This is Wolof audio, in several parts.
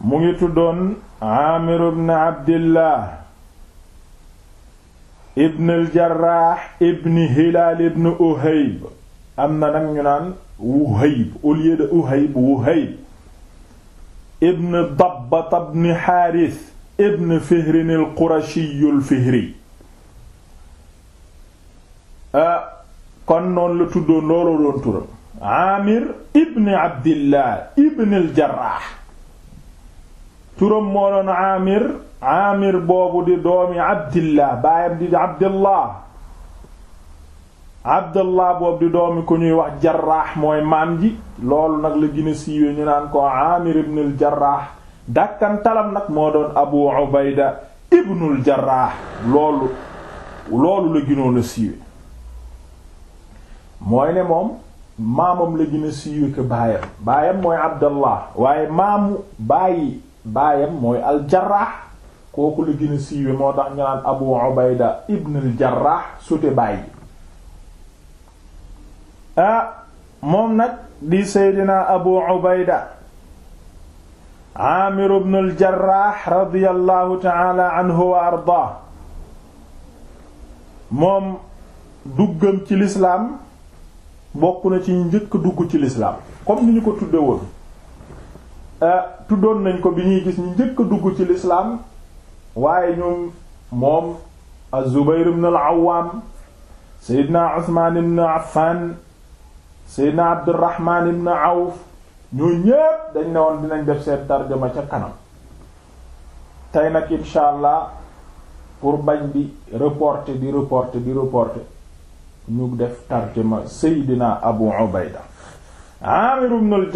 mu ngi tuddoon aamir ibn abdillah ibn aljaraax ibn hilaal ibn uhayb am na nag ñu naan wuhayb au lieu de uhayb wuhayb ibn dabbata ibn xaaris ibn fihrin al qurashiyu al fihri ah kon noonu la tuddoon looloo doon turam aamir ibn abdillah ibn aljaraax turam moo doon Amir Amir boobu di doomi Abdillah baayam di Abdillah Abdallah boobu di doomi ku ñuy wax Jarraax mooy maam ji loolu nag la gën a siiwee ñu naan ko Amir ibnul Jarraax dàkkantalam nag moo doon Abu Ubayda ibnul Jarraax loolu la gënoon a siiwe mooy ne moom maamam la gën siiwe ko baayam baayam mooy Abdallah waaye maamu bàyyi baayam mooy aljarraax kooku la gën siiwe moo tax ñu naan abu ubayda ibn aljarraax sute bàyyi ah moom nag di seydina abu ubayda aamir ibn aljarraax radiyallahu taala anhu wa ardaa moom duggam ci lislaam bokk na ci njëkk dugg ci lislaam comme ni ñu ko tudde woon Euh, tuddoon nañ ko bi ñuy gis ñu njëkk a dugg ci lislaam waaye ñoom moom az-Zubayr ibn al-Awwam Seydina Usmaan ibn Affan Seydina Abdurrahman ibn Awf ñoo ñépp dañ ne woon dinañ def seen tarjuma ca kanam tey nag insha pour bañ bi reporter di reporter di reporter ñu def tarjuma Seydina Abu Ubayda Amir ibn al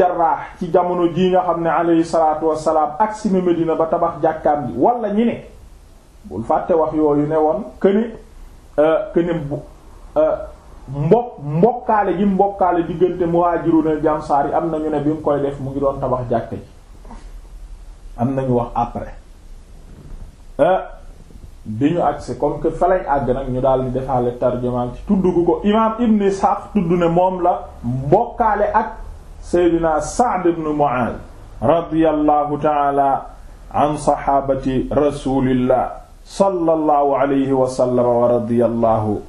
ci jamono ji nga xam ne alayhi salaatu wassalaam agsi na Medina ba tabax jàkkaam bi wala ñi ne bul fàtte wax yooyu ne woon këne këne euh, euh, mbokk mbokkaale gi mbokkaale diggante muhaajiruun ak ansaar yi am nañu ne bi mu koy def mu ngi doon tabax jàkka ji am nañu wax après euh, bi ñu agsi comme que fa lañ nag ñu daal di defaale tarjumaan ci tudd gu ko imaam Ibn Ishaq tudd ne moom la mbokkaale ak Seydina Sa'd ibn Mu'adh radiyallahu ta'ala an saxaabati rasulillah sallallahu alayhi wa sallam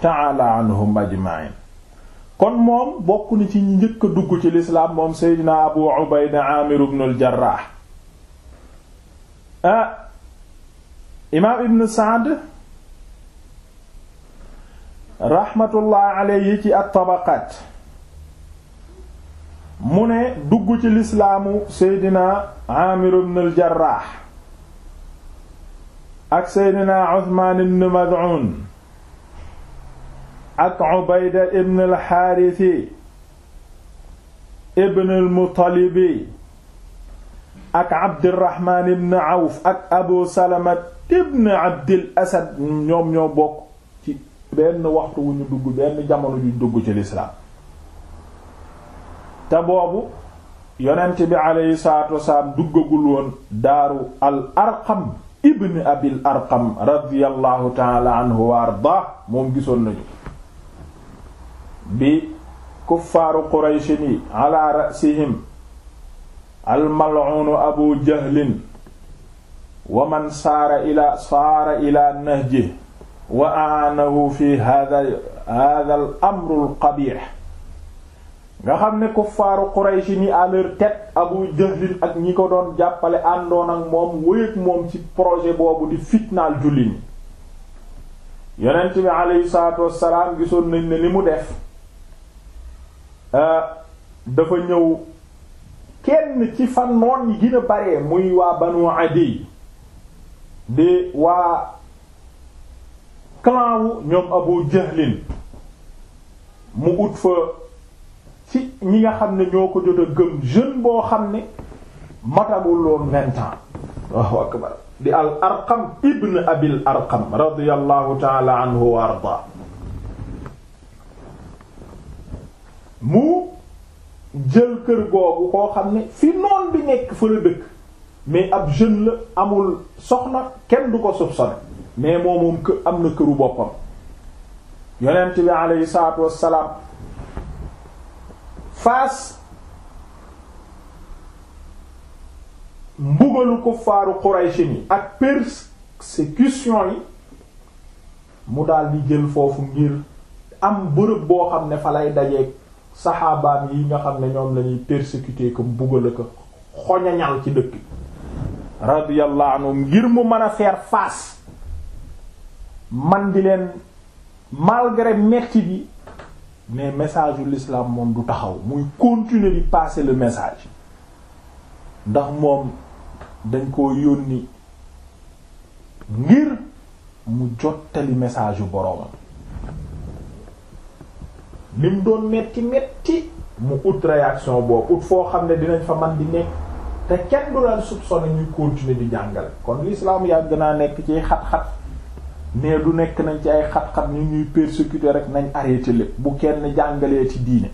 ta'ala anhum ajma'in kon moom bokk ci ñi njëkk dugg ci lislaam moom Seydina Abu Ubayda Aamir ibn al imaam ibn Saad rahmatullah alayhi ci at-Tabaqaat mu ne dugg ci lislaamu seydina Aamir ibn al-Jarraah ak seydina Usmaan ibn Mad'un ak Ubayda ibn al-Haarisi ibn al-Muttalibi ak abdirahman ibn awf ak abu salama ibn abdil asad ñoom ñoo bokk ci benn waxtu wu ñu dugg benn jamono ju dugg ci lislaam te boobu yonent bi aleyhi salatu wasalaam duggagul woon daaru al arqam ibn abil arqam radiallahu taala anhu wa ardah moom gisoon nañu bi kuffaaru qurayshin yi ala rasihim almal'unu abu jahlin wa man saara ila saara ila nahji wa aanahu fi hada hada amru al nga xam ne kuffaaru Quraysh ni à leur Abu Jahl ak ñi ko doon jàppale àndoon ak moom wéyeg moom ci projet boobu di fitnaal julli ñi yonent bi aleyhi salaatu wassalaam gisoon nañ ne li mu def euh, dafa ñëw kenn ci fan noon yi gën baree muy waa banu adi di waa clan ñoom abu jahlin mu ut fa ci ñi nga xam ne ñoo ko jot a gëm jeune boo xam ne matagul woon vingt ans waaw akbar di al arqam ibn abil arqam radiyallahu taala anhu wa arda jël kër googu koo xam ne fi noon bi nekk fa la dëkk mais ab jeune la amul soxna kenn du ko soupçonné mais moom moom am na këru boppam yonent bi aleyhi salaatu wassalaam fas mbugalu ko faaru Quraysh ni ak persécution yi mu dal di jël foofu ngir am bërëb boo xam ne fa lay dajeek saxaabaam yi nga xam ne ñoom lañuy persécuter ko buggal ko xoñañal ci dëkk radiyallahu anhu ngir mu mën a faire face man di leen malgré metti bi mais message yu lislaam moom du taxaw muy continuer di passer le message ndax moom dañ koo yónni ngir mu jottali message yu boroomam li doon metti metti mu ut réaction boobu ut foo xam ne dinañ fa man di nekk te kenn du la soupçonné ñuy continuer di jàngale kon l'islam yàgg naa nekk ci xat-xat mais du nekk nañ ci ay xat-xat ñu ñuy persécuter rek nañ arrêté lépp bu kenn jàngalee ci diine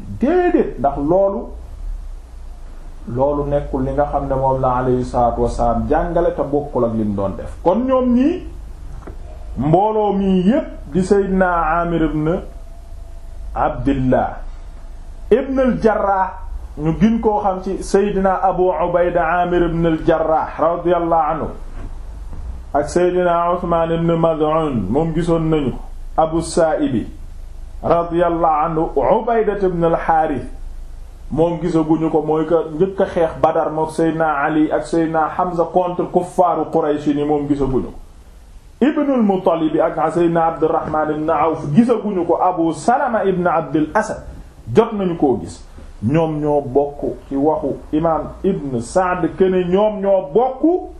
déedéet ndax loolu loolu nekkul li nga xam ne moom la alayhi salaatu wasalaam jàngale te bokkul ak lim doon def kon ñoom ñii mbooloo mii yépp di Seydina Amir ibn abdillah ibn al jarrah ñu gën koo xam ci seydina abu ubayda amir ibn al jarrah radiyallahu anhu ak seydina uthman ibn mad'un moom gisoon nañu abu saaibi radiyallahu anhu ubayda ibn al harith moom gisaguñu ko mooy que njëkk a xeex badar mook seydina ali ak seydina hamza contre kuffaaru quraysh ni moom gisaguñu ko ibnul Muttalib ak Seydina Abdurrahman ibn Awf gisaguñu ko Abu Salama ibn Abdul Asad jot nañu koo gis ñoom ñoo bokk ci waxu imaam Ibn Saad kene ñoom ñoo bokk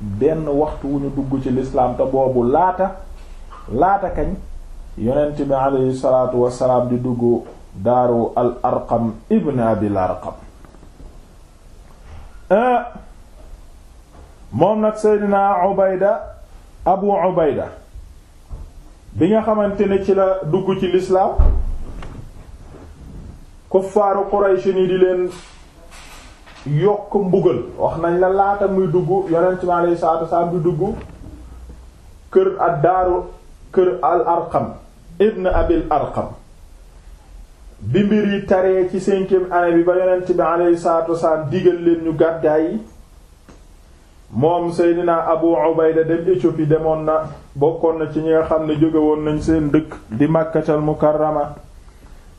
benn waxtu wu ñu dugg ci lislaam te boobu laata laata kañ yonent bi alayhi salaatu wassalaam di dugg daaru al arqam ibn abil arqam eh, moom nag Seydina Ubayda abu ubayda bi nga xamante ni ci la dugg ci lislaam kuffaaru quraysh ni di leen yokk mbugal wax nañ la laata muy dugg yonent mi alayhi salaatu wasalaam bi dugg kër ad daaru kër al arqam ibn abil arqam bi mbir yi taree ci cinquième année bi ba yonent bi alayhi salaatu wasalaam digal leen ñu gàddaay yi moom Seydina Abu Ubayda dem Éthiopie demoon na bokkoon na ci ñi nga xam ne jóge woon nañ seen dëkk di Makkatal Mukarrama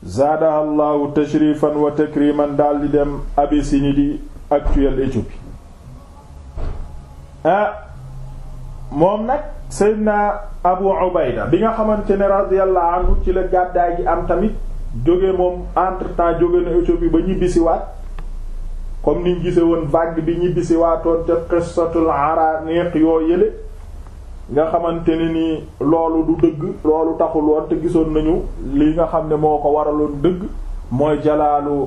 zaadaha Allahu tashrifan wa takriman daldi dem Abyssinie di actuelle Éthiopie ah moom nag Seydina Abu Ubayda bi nga xamante ne radiyallahu anhu ci la gàddaay gi am tamit jóge moom entre temps jóge na Éthiopie ba ñibbisiwaat comme niñ gise woon vague bi ñibbisi waatoon ca qissatul araaniq yoo yële nga xamante ni loolu du dëgg loolu taxul woon te gisoon nañu li nga xam ne moo ko waraloon dëgg mooy jalaalu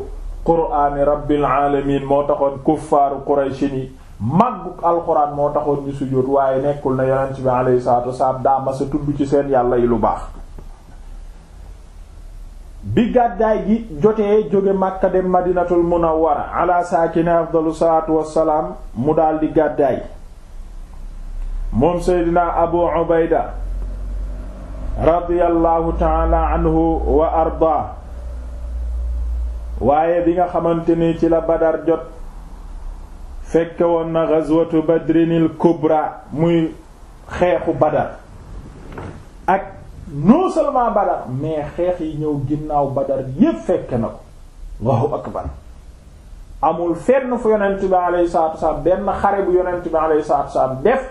quraani rabbil alamin moo taxoon kuffaaru quraysin yi màgguk alquran moo taxoon ñu sujjóot waaye nekkul na yonent bi alayhi salatu wasalaam daa masa tudd ci seen yàlla yi lu baax bi gàddaay gi jotee jóge Makka dem Madinatul Munawwara ala saakine mu daldi gàddaay moom Seydina Abu Ubayda radiyallahu taala anhu wa ardaa waaye bi nga xamante ni ci la Badar jot fekke woon na ghazwatu Badrinil Kubra muy xeexu Badar non seulement Badar mais xeex yi ñëw ginnaaw Badar yépp fekk na ko Allahu akbar amul fenn fu yonent bi alayhi salaatu wasalaam benn xare bu yonent bi alayhi salaatu wasalaam def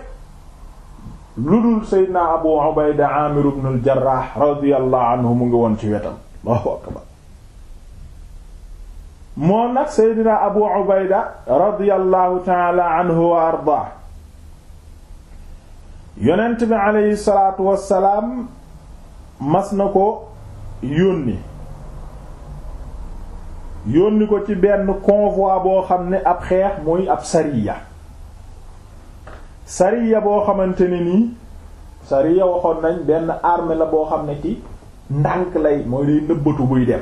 lu dul Seydina Abu Ubayda Aamir ibn al-Jarrah anhu mu ngi woon ci wetam Allahu akbar moom nag Seydina Abu Ubayda radiyallahu ta'ala anhu wa ardaa yonent bi alayhi salaatu wasalaam mas na ko yónni yónni ko ci benn convoi boo xam ne ab xeex mooy ab sariya sariya boo xamante ne nii sariya waxoon nañ benn armée la boo xam ne ci ndànk lay mooy day nëbbatu buy dem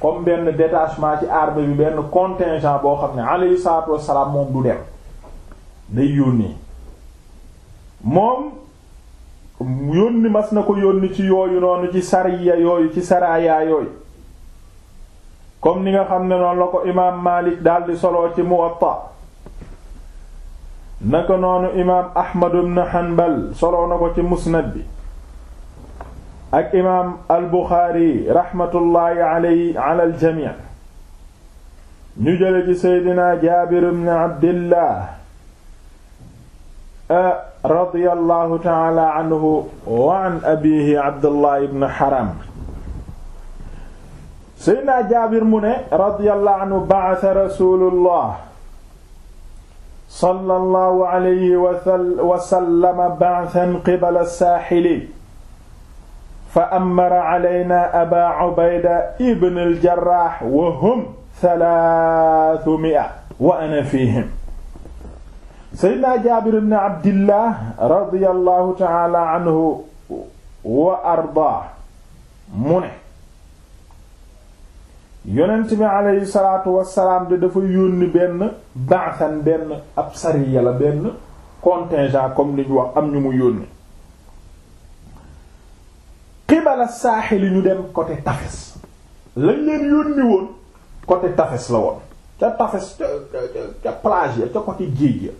comme benn détachement ci armée bi benn contingent boo xam ne alayhi salaatu wassalaam moom du dem day yónnee moom yónni mas na ko yónni ci yooyu noonu ci sariya yooyu ci saraya yooyu comme ni nga xam ne noonu la ko imaam Maalik daldi soloo ci Muwatta naka noonu imaam Ahmad ibn Hanbal soloo na ko ci musnad bi ak imaam al-Buxaari raxmatullaahi alayhi al-jamii ñu jële ci seydina Jaabir ibn Abdillah Euh, radiyallahu taala anhu wa an abihi abdullah ibn haram seydna jaabir mu ne radiyallahu anhu ba'atha rasulullah sallallahu alayhi wa sallama ba'than qibala as-saahili fa amara alayna aba ubayda ibn al-jarrah wa hum thalaathumi'a wa ana fihim seydna jaabir bn abdillah radiallahu taala anhu wa ardaa mu ne yonent bi aleyhi salaatu wasalaam de dafa yónni benn baasan benn ab sariya la benn contingent comme li ñu wax am ñu mu yónni xibala saaxi li ñu dem côté tafes lañ leen yónni woon côté tafes la woon ca tafes ca ca plage ya ca côté géej ya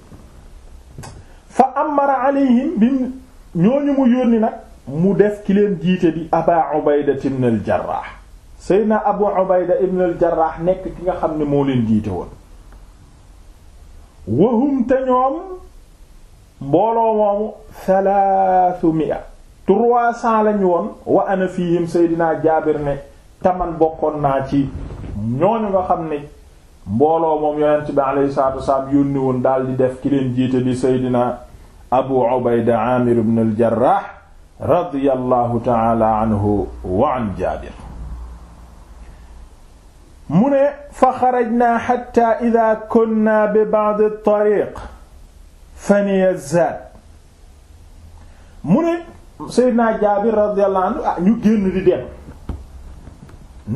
fa amara alayhim bi ñooñu mu yónni nag mu def ki leen jiite di aba ubayda ibn al jarrah seydna abu ubayda ibn al jarrah nekk ki nga xam ne moo leen jiite woon wahum te ñoom mbooloo moomu thalathu mi'a lañu woon wa ana fihim seydna jaabir ne taman bokkoon naa ci ñooñu nga xam ne mbooloo moom yonent bi alayhi salaatu wasalaam yónni woon daal di def ki leen jiite di seydina abu ubayda amir ibn al jarrah radiyallahu taala anhu wa an jaabir mu ne fa xarajnaa xatta ida kunna bi ba'd at-tariq faniya zaad mu ne seydina jaabir radiyallahu anhu ah ñu génn di dem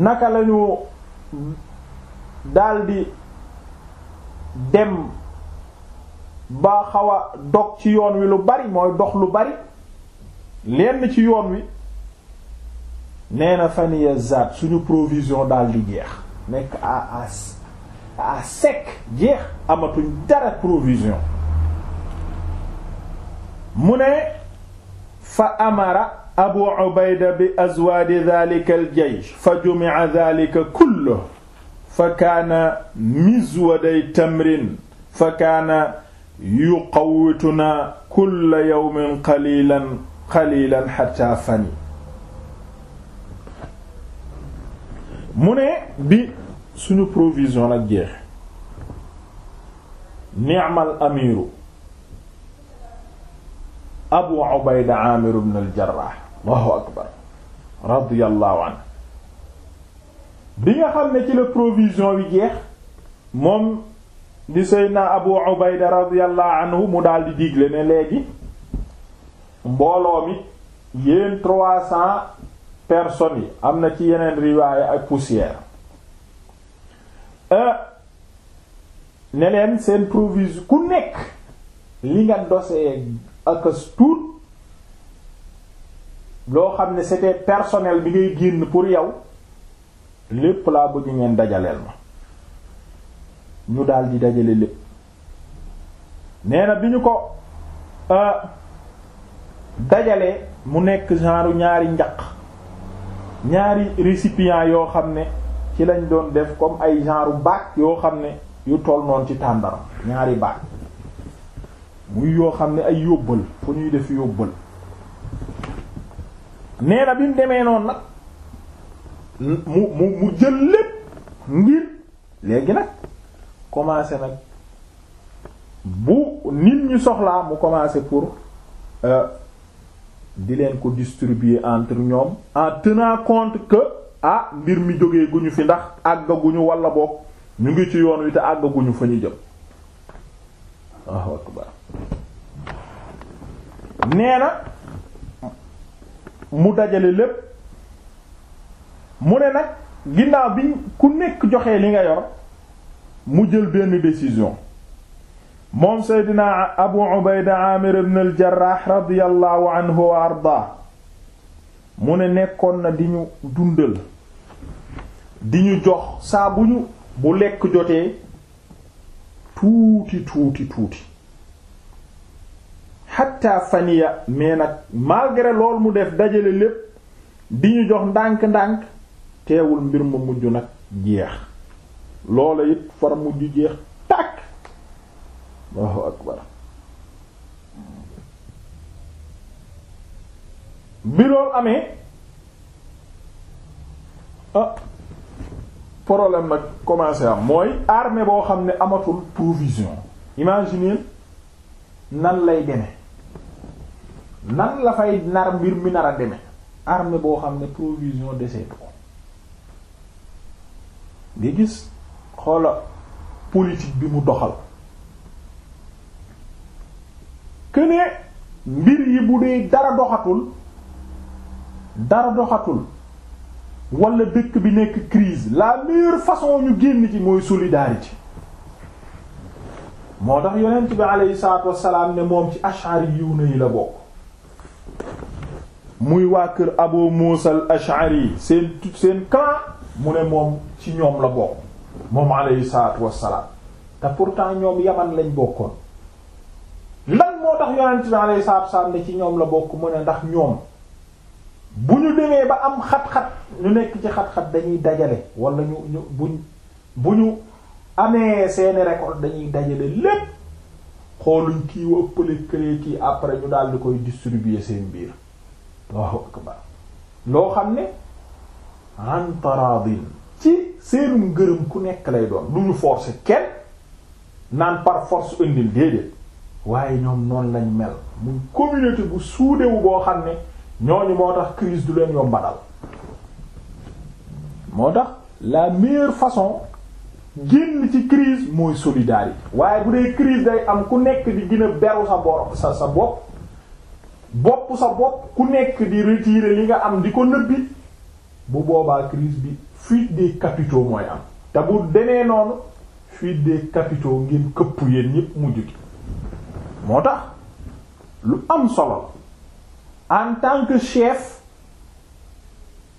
naka lañu daldi dem ba xaw dog ci yoon wi lu bari mooy dox lu bari lenn ci yoon wi nee na faniya zaat suñu provision daldi jeex nekk à à à jeex amatuñ dara provision mu ne fa amara abu ubayda bi azwaadi dhalika al jaysh fa jumi'a dhalika kulluhu fa kaana mizwaday tamrin fa kaana yuqawwitunaa kulla yawmin qalilan qalilan xataa fani mu ne bi suñu provision nag jeex ni'mal amiru abu ubayda aamir ibn al jarrah allahu akbar radiyallahu anhu bi nga xam ne ci la provision bi jeex moom di Seydina Abu Ubayda radiyallahu anhu mu daal di digle ne léegi mbooloo mi yéen trois cents personne yi am na ci yeneen riwaaya ak poussière euh, ne leen seen provision ku nekk li nga dosee ak tuut loo xam ne c'était personnel bi ngay génn pour yow lépp laa bëgg ngeen dajaleel ma ñu daal di dajale lépp nee bi ñu ko euh, dajale mu nekk genre ñaari njaq ñaari récipient yoo xam ne ci lañ doon def comme ay genre bac yoo xam ne yu toll noonu ci tàndaram ñaari bac muy yoo xam ne ay yóbbal fu ñuy def yóbbal nee bi mu demee noonu nag mu mu mu jël lépp ngir léegi nag commencé nag bu nit ñi soxlaa mu commencé pour euh, di leen ko distribuer entre ñoom en tenant compte que ah mbir mi jógee guñu fi ndax àggaguñu walla boog ñu ngi ci yoon wi te àggaguñu fa ñu jëm waaw nee na mu dajale lépp mu ne nag ginnaaw bi ku nekk joxe li nga yor mu jël benn décision moom seydina abu ubayda amir ibn al jarrah anhu wa ardaa mu ne nekkoon na di ñu dundal di ñu jox saa bu ñu bu lekk jotee tuuti tuuti tuuti xatta faniya mais nag malgré lool mu def dajale lépp di ñu jox ndànk-ndànk teewul mbir mu mujj nag jeex loola it far mujj jeex tàkk Allahu akbar bi loolu amee ah problème nag commencé am mooy armée boo xam ne amatul provision imaginez nan lay deme nan la fay nar mbir mi nar a deme armée boo xam ne provision deseetu ko nga gis xoola politique bi mu doxal këne mbir yi bu dee dara doxatul dara doxatul wala dëkk bi nekk crise la meilleure façon ñu génn ci mooy solidarité moo tax yonent bi aleyhi salaatu wassalaam ne moom ci ashari yuuna yi la bokk muy waa kër Abu muusal al Ashari seen seen camp mu ne moom ci ñoom la bokk moom alayhi salaatu wassalaam te pourtant ñoom yaman lañ bokkoon lan moo tax yonent bi alayhi salaatu ne ci ñoom la bokk mu ne ndax ñoom bu ñu demee ba am xat-xat ñu nekk ci xat-xat dañuy dajale walla ñu ñu buñ bu ñu amee seeni récolte dañuy dajale lépp xooluñ kii wa ëppale këlee kii après ñu daal di koy distribuer seen biir waaw akbar loo xam ne an taradin ci seenum ngërëm ku nekk lay doon du ñu forcer kenn naan par force déedéet waaye ñoom noonu lañ mel muy communauté bu suudewu boo xam ne ñooñu moo tax crise du leen yombalal moo tax la meilleure façon génn ci crise mooy solidarité waaye bu dee crise day am ku nekk di gën a beru sa bopp sa sa bopp bopp sa bopp ku nekk di retirer li nga am di ko nëbbi bu boobaa crise bi fuite de capitaux mooy am te bu demee noonu fii des capitaux ngeen këppu yéen ñépp mu jugi moo tax lu am solo en tant que chef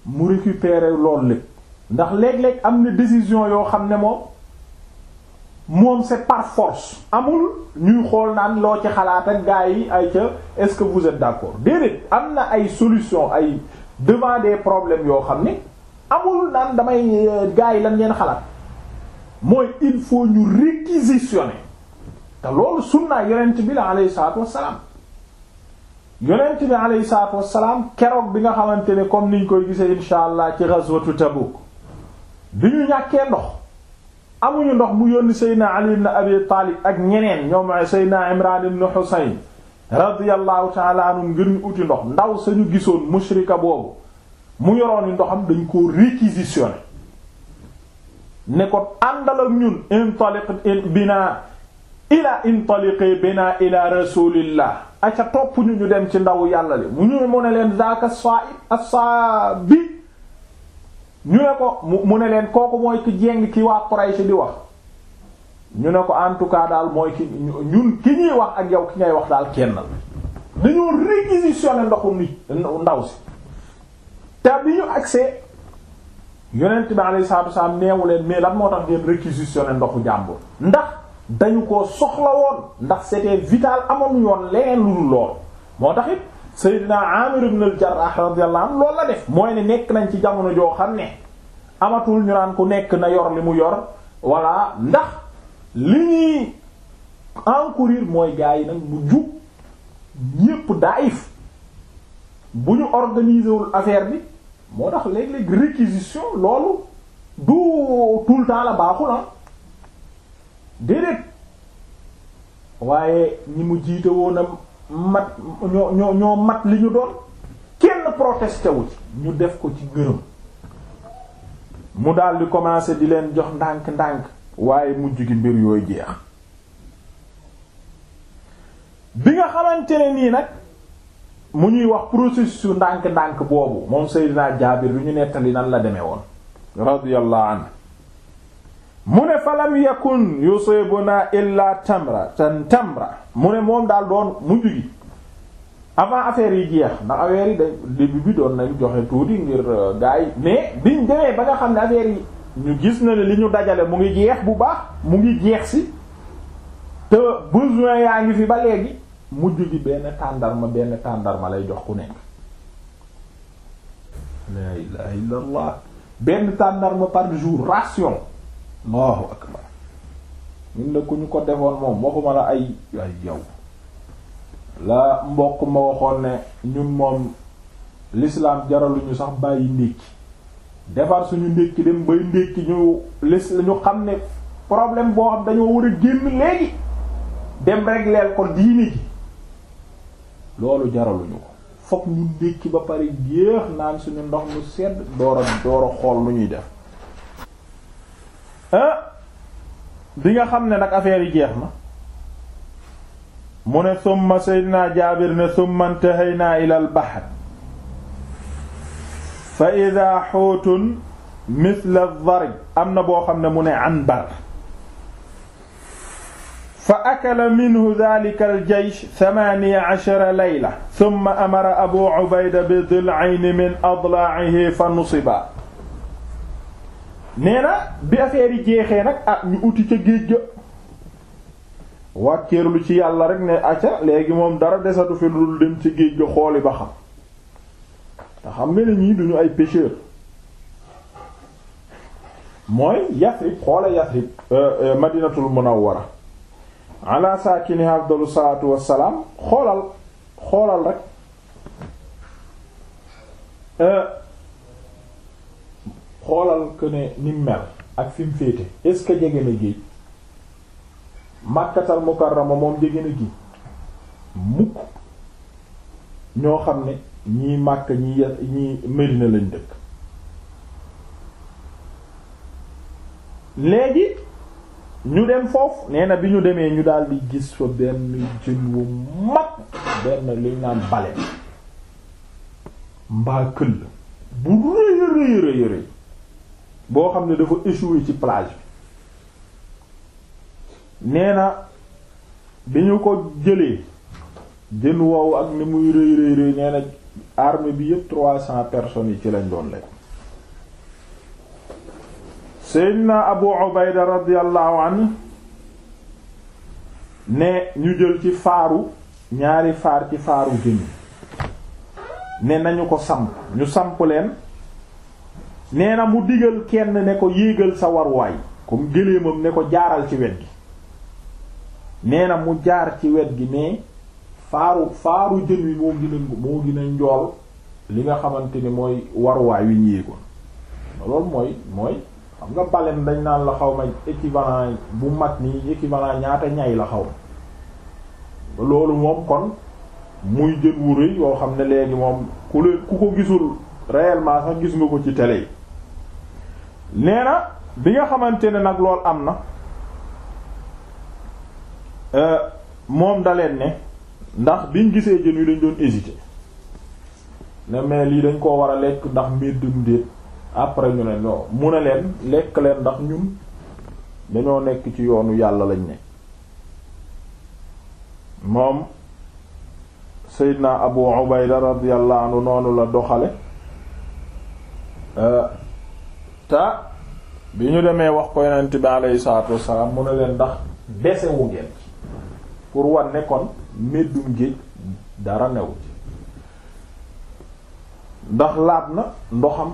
mu récupérer loolu lépp ndax léeg-léeg am na décision yoo xam ne moom moom c'est par amul ñuy xool naan loo ci xalaat ak gars yi ay ca est-ce que vous êtes d'accord déedéet am na ay solution ay devant des problème yoo xam ne amul naan damay euh, gars yi lan leen xalaat mooy il ñu réquisitionner te loolu sunnaa yonent bi la alayhi salaatu wassalaam yonent bi alayhi salaatu wassalaam keroog bi nga xamante ne comme niñ koy gisee insha allah ci ghazwatu Tabuk bi ñu ñàkkee ndox amuñu ndox mu yónni Seydina Ali ibn Abi Talib ak ñeneen ñoom Seydina Imran ibn Husayn radiyallahu taala anhu ngir ñu uti ndox ndaw sañu gisoon mushrika boobu mu yoroon ndoxam dañ koo réquisitionné ne ko àndal ak ñun intaliq bina ila intaliqi bina ila rasulillah aca topp ñu ñu dem ci ndaw yàlla li mu ñu mu ne leen zaaka saib asa bi ñu ne ko mu ne leen kooku mooy ki jéng ki waa Quraysh di wax ñu ne ko en tout cas daal mooy ki ñun ki ñuy wax ak yow ki ngay wax daal kenn la dañoo réquisitionné ndoxu nit ndaw si te bi ñu accès yonent bi alayhi salaatu wasallam neewu leen mais lan moo tax ngeen réquisitionné ndoxu jàmbur ndax dañu ko soxla woon ndax c'était vital amoon yoon leneen lu dul lool moo tax it Seydina Amir ibn al-Jarrah radiyallahu anhu la def mooy ne nekk nañ ci jamono joo xam ne amatul ñu naan ku nekk na yor li mu yor walla ndax li ñuy encourir mooy gars yi nag bu jub ñépp daayif bu ñu organiser wul affaire bi moo tax léeg-léeg réquisition loolu du tout le la baaxul ah déedéet waaye ñi mu jiite woon a mat ñoo ñoo mat li ñu doon kenn protesté wu ci ñu def ko ci gërëm mu daal di commencer di leen jox ndànk-ndànk waaye mujj gi mbir yooyu jeex bi nga xamante nii nag mu ñuy wax processus yu ndànk-ndànk boobu moom Seydina Jaabir bi ñu nettali nan la demee woon radiyallahu anhu mu ne falam yakun yusibuna illa tamra tan tamra mu ne moom daal doon mujj gi avant affaire yi jeex ndax affaire yi da début bi doon nañ joxe tuuti ngir euh, gars yi biñ demee ba nga xam ne affaire yi ñu gis na ne li ñu dajale mu ngi jeex bu baax mu ngi jeex si te besoin yaa ngi fi ba léegi mujj gi benn tàndarma benn tàndarma lay jox ku nekk la ilaha illa benn tàndarma par jour ration allahu akbar ñun la ku ñu ko defoon moom waxuma la ay ay yow la mbokk ma waxoon ne ñun moom l'islam jaraluñu sax bàyyi ndékki defar suñu ndékki dem bay ndékki ñu les ñu xam ne poroblème boo xam dañoo war a génn léegi dem régleel ko diini ji loolu jaraluñu ko fokk ñu ndékki ba pare géex naan suñu ndox mu sedd door a door xool lu ñuy def ah bi nga xam ne nag affaire yi jeex na mu ne summa sayyidina Jaabir ne summa intahaynaa ilal bahr fa ida xootun mithla darb am na boo xam ne mu ne anbar fa akala minhu dalika aljeysh thamaniya ashara layla thumma amara abu ubayda bi dil'ayni min adla'ihi fa nusiba nee na bi affaire yi jeexee nag ah ñu uti ca géej ga wàkkeerlu ci yàlla rek ne aca léegi moom dara desatu fi lu dul dem ci géej ga xooli ba xam te xam nga ñii duñu ay pêcheur mooy Yasrib xoola Yasrib euh, euh, madinatul munawwara ala saakini afdalu salaatu wassalaam xoolal xoolal rek euh, xoolal que ne nim mel ak fi féete est ce que jege na géej Makkatal Mukarrama moom jege na géej mukk ñoo xam ne ñii màkk ñi ya ñii Medina lañ dëkk léegi ñu dem foofu neena bi ñu demee ñu daal gis fa benn jën wu mag benn liñ naan bale mbaa këll bu rëy rëy rëy rëy boo xam ne dafa échoué ci plage bi nee bi ñu ko jëlee jën wow ak ni muy rëy rëy rëy nee armée bi yëpp trois cents personnes yi ci lañ doon lekk seydina abu ubayda radiyallahu anhu ne ñu jël ci faaru ñaari faar ci faaru génn ne nañu ko samp ñu samp leen nee na mu digal kenn ne ko yéegal sa warwaay comme géléemam ne ko jaaral ci wet gi nee na mu jaar ci wet gi mais faaru faaru jën wi moo gën moo gën njool li nga xamante ni mooy waruwaay wi ñu yéegoon loolu mooy mooy xam nga baleine dañ naan la xaw ma équivalent bu mag nii équivalent ñaata ñay la xaw ma loolu moom kon muy jën wu rëy yoo xam ne léegi moom ku leen ku ko gisul réellement sax gis nga ko ci télé yi nee na bi nga xamante ne nag lool am na euh, moom daleen ne ndax biñ gisee jën wi dañ doon hésiter ne mais lii dañ koo war a lekk ndax mbir dum après ñu ne non mu ne leen lekk leen ndax ñun dañoo nekk ci yoonu yàlla lañ ne moom Seydina Abu Ubayda radiyallahu anhu noonu la doxale euh, ta bi ñu demee wax ko yonent bi alayhi salaatu wassalaam mu ne leen ndax desewu ngeen pour wan ne meddum géej dara newu ci ndax laab na ndoxam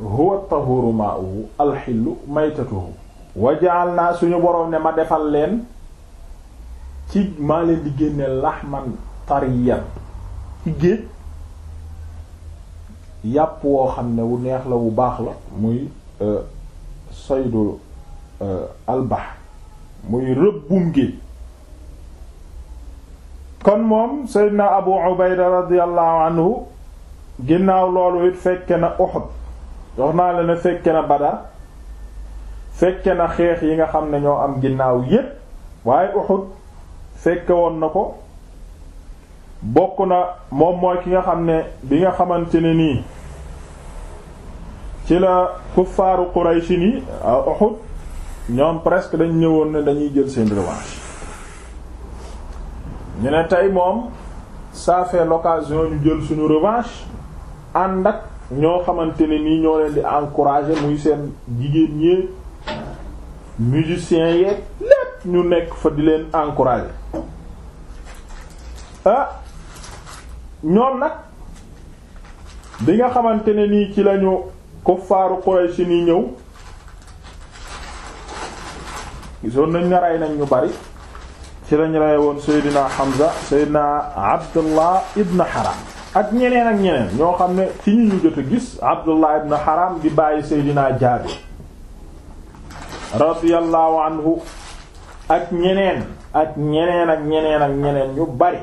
huwa tahuru ma'uhu alxillu maytatuhu wa jaal naa suñu boroom ne ma defal leen ci maa leen di génne laxman tariyan ci géej yàpp woo xam ne wu neex la wu baax la muy euh, saydul euh, albax muy rëbbum géej kon moom seydna abu ubayda radiallahu anhu ginnaaw loolu it fekke na Uhud wax naa la ne fekke na Badar fekke na xeex yi nga xam ne ñoo am ginnaaw yépp waaye Uhud fekke woon na ko bokk na moom mooy ki nga xam ne bi nga xamante ne nii ci la kuffaaru Quraysh ni ñoom presque dañ ñëwoon ne dañuy jël seen revanche ñu ne tey moom ça fait l'occasion ñu jël suñu revanche ànd ak ñoo xamante ne nii ñoo leen di encourager muy seen jigéen ñeeg musiciens yeeg lépp ñu nekk fa di leen encourager ah ñoom nag bi nga xamante ne nii ci lañu kuffaaru si ni ñëw gisoon nañ nga rey nañ ñu bari ci lañ rey woon Seydina Hamza Seydina Abdullah Ibn Haram ak ñeneen ak ñeneen ñoo xam ne ci ñu ñu jot a gis Abdullah Ibn Haram di bàyyi Seydina Jaabir radiyallahu anhu ak ñeneen ak ñeneen ak ñeneen ak ñu bari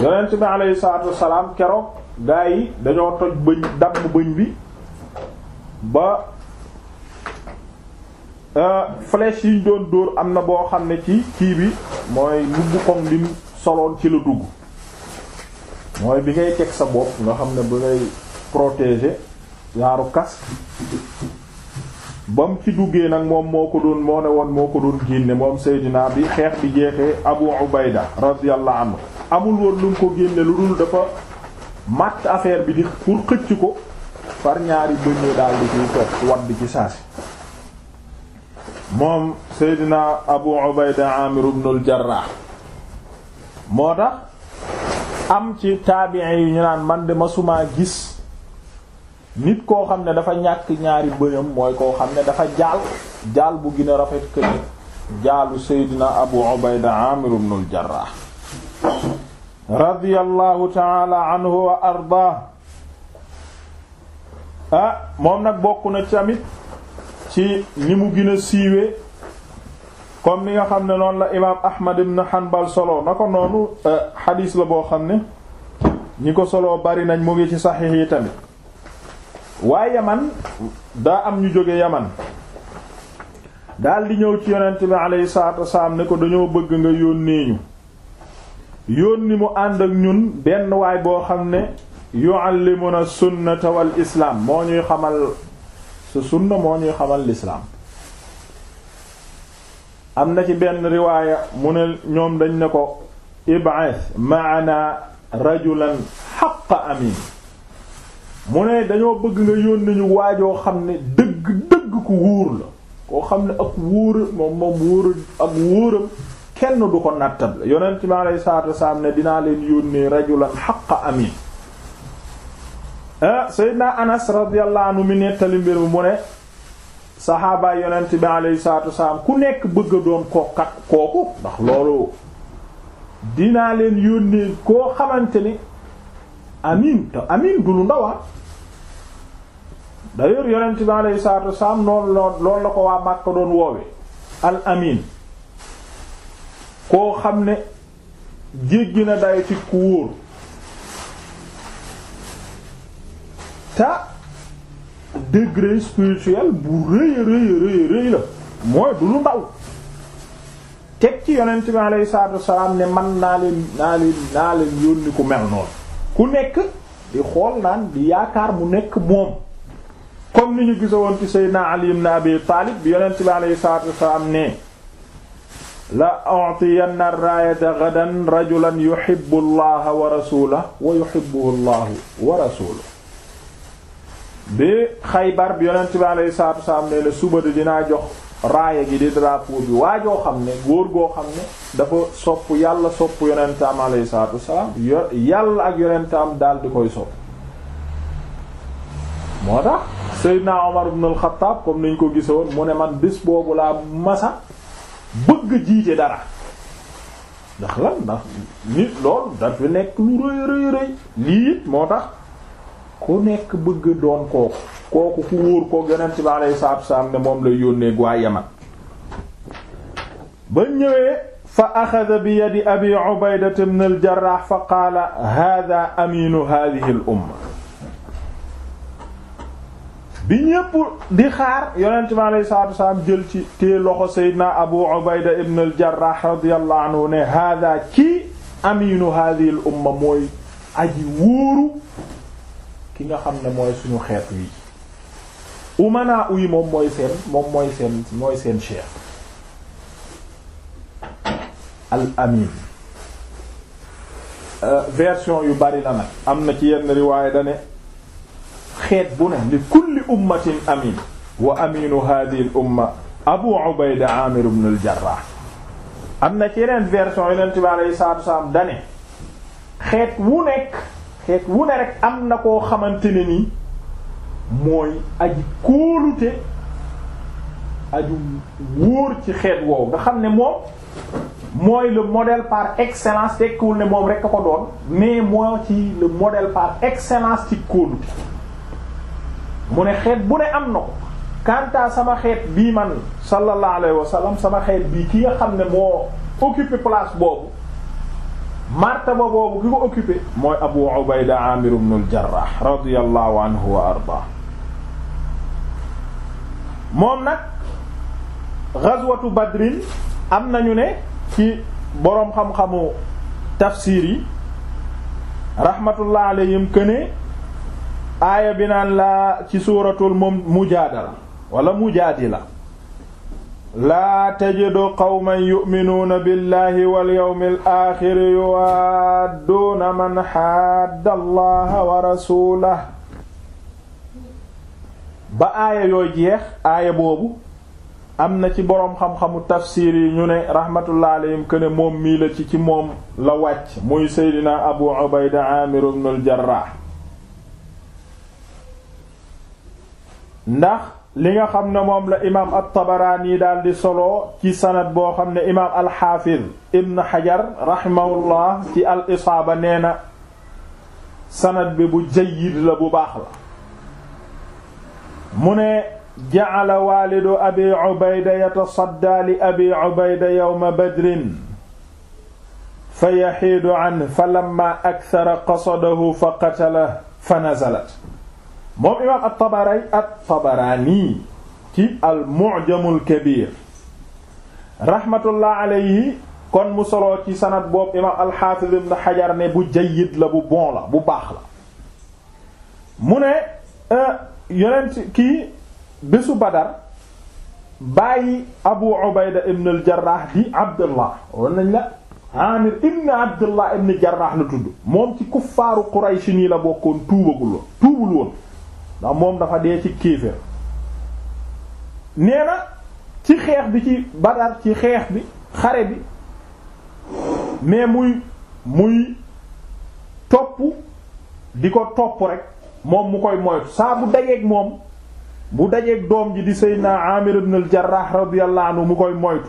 yonent bi alayhi salaatu wassalaam keroog gaa yi dañoo toj bëñ dàmb bëñ bi ba Euh, flèche yi ñu doon dóor am na boo xam ne ci kii bi mooy mbubb koŋ lim soloon ci la dugg mooy bi ngay teg sa bopp nga xam ne bi ngay protéger yaaru casque ba mu ci duggee nag moom moo ko doon moo ne woon moo ko doon génne moom Seydina bi xeex bi jeexee Abu Ubayda radiyallahu anhu amul woon lu mu ko génne lu dul dafa matt affaire bi di pour xëcc ko par ñaari bëñee daal di ciy toog wadd ci saasi moom Seydina Abu Ubayda Amir ibn al-Jarrah moo tax am ci taabi'in yi ñu naan man de masumaa gis nit koo xam ne dafa ñàkk ñaari bëñam mooy koo xam ne dafa jaal jaal bu gën rafet que jaalu Seydina Abu Ubayda Amir ibn al-Jarrah radiyallahu ta'ala anhu wa ardaa ah moom nag bokk na tamit ci ni mu gën siiwe comme ni nga xam ne noonu la imaam Ahmad ibn Hanbal solo na ko noonu euh, xadiis la boo xam ne ñi ko solo bari nañ mu ngi ci saxiix yi tamit waaye yaman daa am ñu jóge yaman daal di ñëw ci yonent bi alayhi salaatu wasalaam ne ko dañoo bëgg nga yónnee ñu yónni mu ànd ak ñun benn waay boo xam ne yu'allimuna sunnata wal islaam moo ñuy xamal sa sunna moo ñuy xamal lislaam am na ci benn riwaaya mu ne ñoom dañ ne ko ib'ath ma'ana rajulan haqq amin mu ne dañoo bëgg nga yónni ñu waajoo xam ne dëgg dëgg ku wóor la koo xam ne ak wóor moom moom wóor ak wóoram kenn du ko nattab la yonent mi alayhi salaatu wasalaam ne dinaa leen yónnee rajulan haqq amin Eh, Seydina Anas radiyallahu anhu mi nettali mbir mi mu ne saxaaba yonent bi alayhi salaatu ku nekk bëgg a doon koo kat kooku ndax loolu dinaa leen yónnee koo xamante ni amin te amin du lu ndawa ah. d'ailleurs yonent bi alayhi salaatu wasalaam noonu la ko waa Makka doon woowe al amin koo xam ne jéggi na day ci ku wóor ta degré spirituel bu rëy rëy rëy rëy la mooy du lu ndaw teg ci yonent bi alayhi salaatu wassalaam ne man naa leen naa leen naa ku mel noonu ku nekk di xool naan di yaakaar mu nekk moom comme ni ñu gisoon ci Seydina Ali ibn Abi Taalib bi yonent bi alayhi salaatu wassalaam ne la a'tiyanna raayata gadan rajulan yuhibbu Allah wa rasulahu wa yuhibbuhu Allah wa rasuluhu bi xaybar bi yonent bi alayhi salaatu wasalaam nee suba di dinaa jox raaya gi di drapeau bi joo xam ne góor goo xam ne dafa sopp yàlla sopp yonentam alayhi salaatu wasalaam yo yàlla ak yonentam dal di koy sopp moo tax Seydina Omar ibn al-Khattab comme niñ ko gisoon mu ne man bis boobu laa masa bëgg jiite dara ndax la ndax nit lool dafa nekk lu rëy rëy rëy lii it moo tax ku nekk bëgg doon kooku kooku ku wóor ko yonent bi alayhi salaatu wasalaam ne moom lay yónnee waa Yaman ba ñëwee fa axada bi yadi abi Ubayda ibn al-Jarrah fa qaala haaza amiinu haadihi al-umma bi ñépp di xaar yonent bi alayhi salaatu wasalaam jël ci tée loxo Seydina Abu Ubayda ibn al-Jarrah radiyallahu anhu ne haaza kii amiinu haadihi al-umma mooy aji wóoru ki nga xam ne mooy suñu xeet wi umanaa uy moom mooy seen moom mooy seen mooy seen cheikh al amin euh, version yu bari la nag am na ci yenn riwaaya dane xeet bu ne li kulli ummatin amin wa aminu hadhihi al abu ubayda amir ibn al am na ci yeneen version yeneen tibe alay salaatu salaam dane xeet wu nekk xeet wu ne rek am na koo xamante ne nii mooy aji kóolute aju wóor ci xeet woowu nga xam ne moom mooy le modèle par excellence tekkiwul ne moom rek a ko doon mais moo ci le modèle par excellence ci kóolute mu ne xeet bu ne am na ko kanta sama xeet bii man sallallahu alayhi wa sama xeet bii ki nga xam ne moo occupé place boobu martaba boobu ki ko occupé mooy Abu Ubayda Amir ibn al-Jarrah radiyallahu anhu wa arda moom nag ghazwatu badrin am nañu ne ci boroom xam-xamu tafsir yi rahmatullah alayhim këne aaya bi naan laa ci suuratul mu mujaadala wala mujaadila laa tajidu qawman yu'minuuna billahi wal yawmil aaxir yuwaadduuna man xaadda allaha wa rasuulahu ba aaya yooy jeex aaya boobu am na ci boroom xam-xamu tafsiir yi ñu ne rahmatullah alayhim que ne moom mii la ci ci moom la wàcc muy seydina abu ubayda aamir ibnul jarraah ndax li nga xam ne moom la imaam at-Tabaraani daal di solo ci sanad boo xam ne imaam al-Hafiz Ibn Hajar rahimahullah ci al-Isaaba nee na sanad bi bu jayyid la bu baax la mu ne ja'ala waalidu abi Ubayda yatasaddaa li abi Ubayda yawma badrin fa yahiidu anhu falammaa akthara qasadahu fa qatalahu fa nazalat moom imaam at-Tabari at-Tabarani ci al-Mu'jamul Kabir rahmatullah alayhi kon mu soloo ci sanad boobu imaam al-Hafiz ibn Hajar ne bu jayyid la bu bon la bu baax la mu ne euh, yonent kii bésu Badar bàyyi Abu Ubayda ibn al-Jarrah di Abdullah woon nañ la Amir ibn Abdullah ibn Jarrah la tudd moom ci kuffaaru Quraysh nii la bokkoon tuubagul woon ndax moom dafa dee ci kéefër nee na ci xeex bi ci Badar ci xeex bi xare bi mais muy muy topp di ko topp rek moom mu koy moytu saa bu dajeeg moom bu dajeeg doom ji di Seydina Amir ibn al mu koy moytu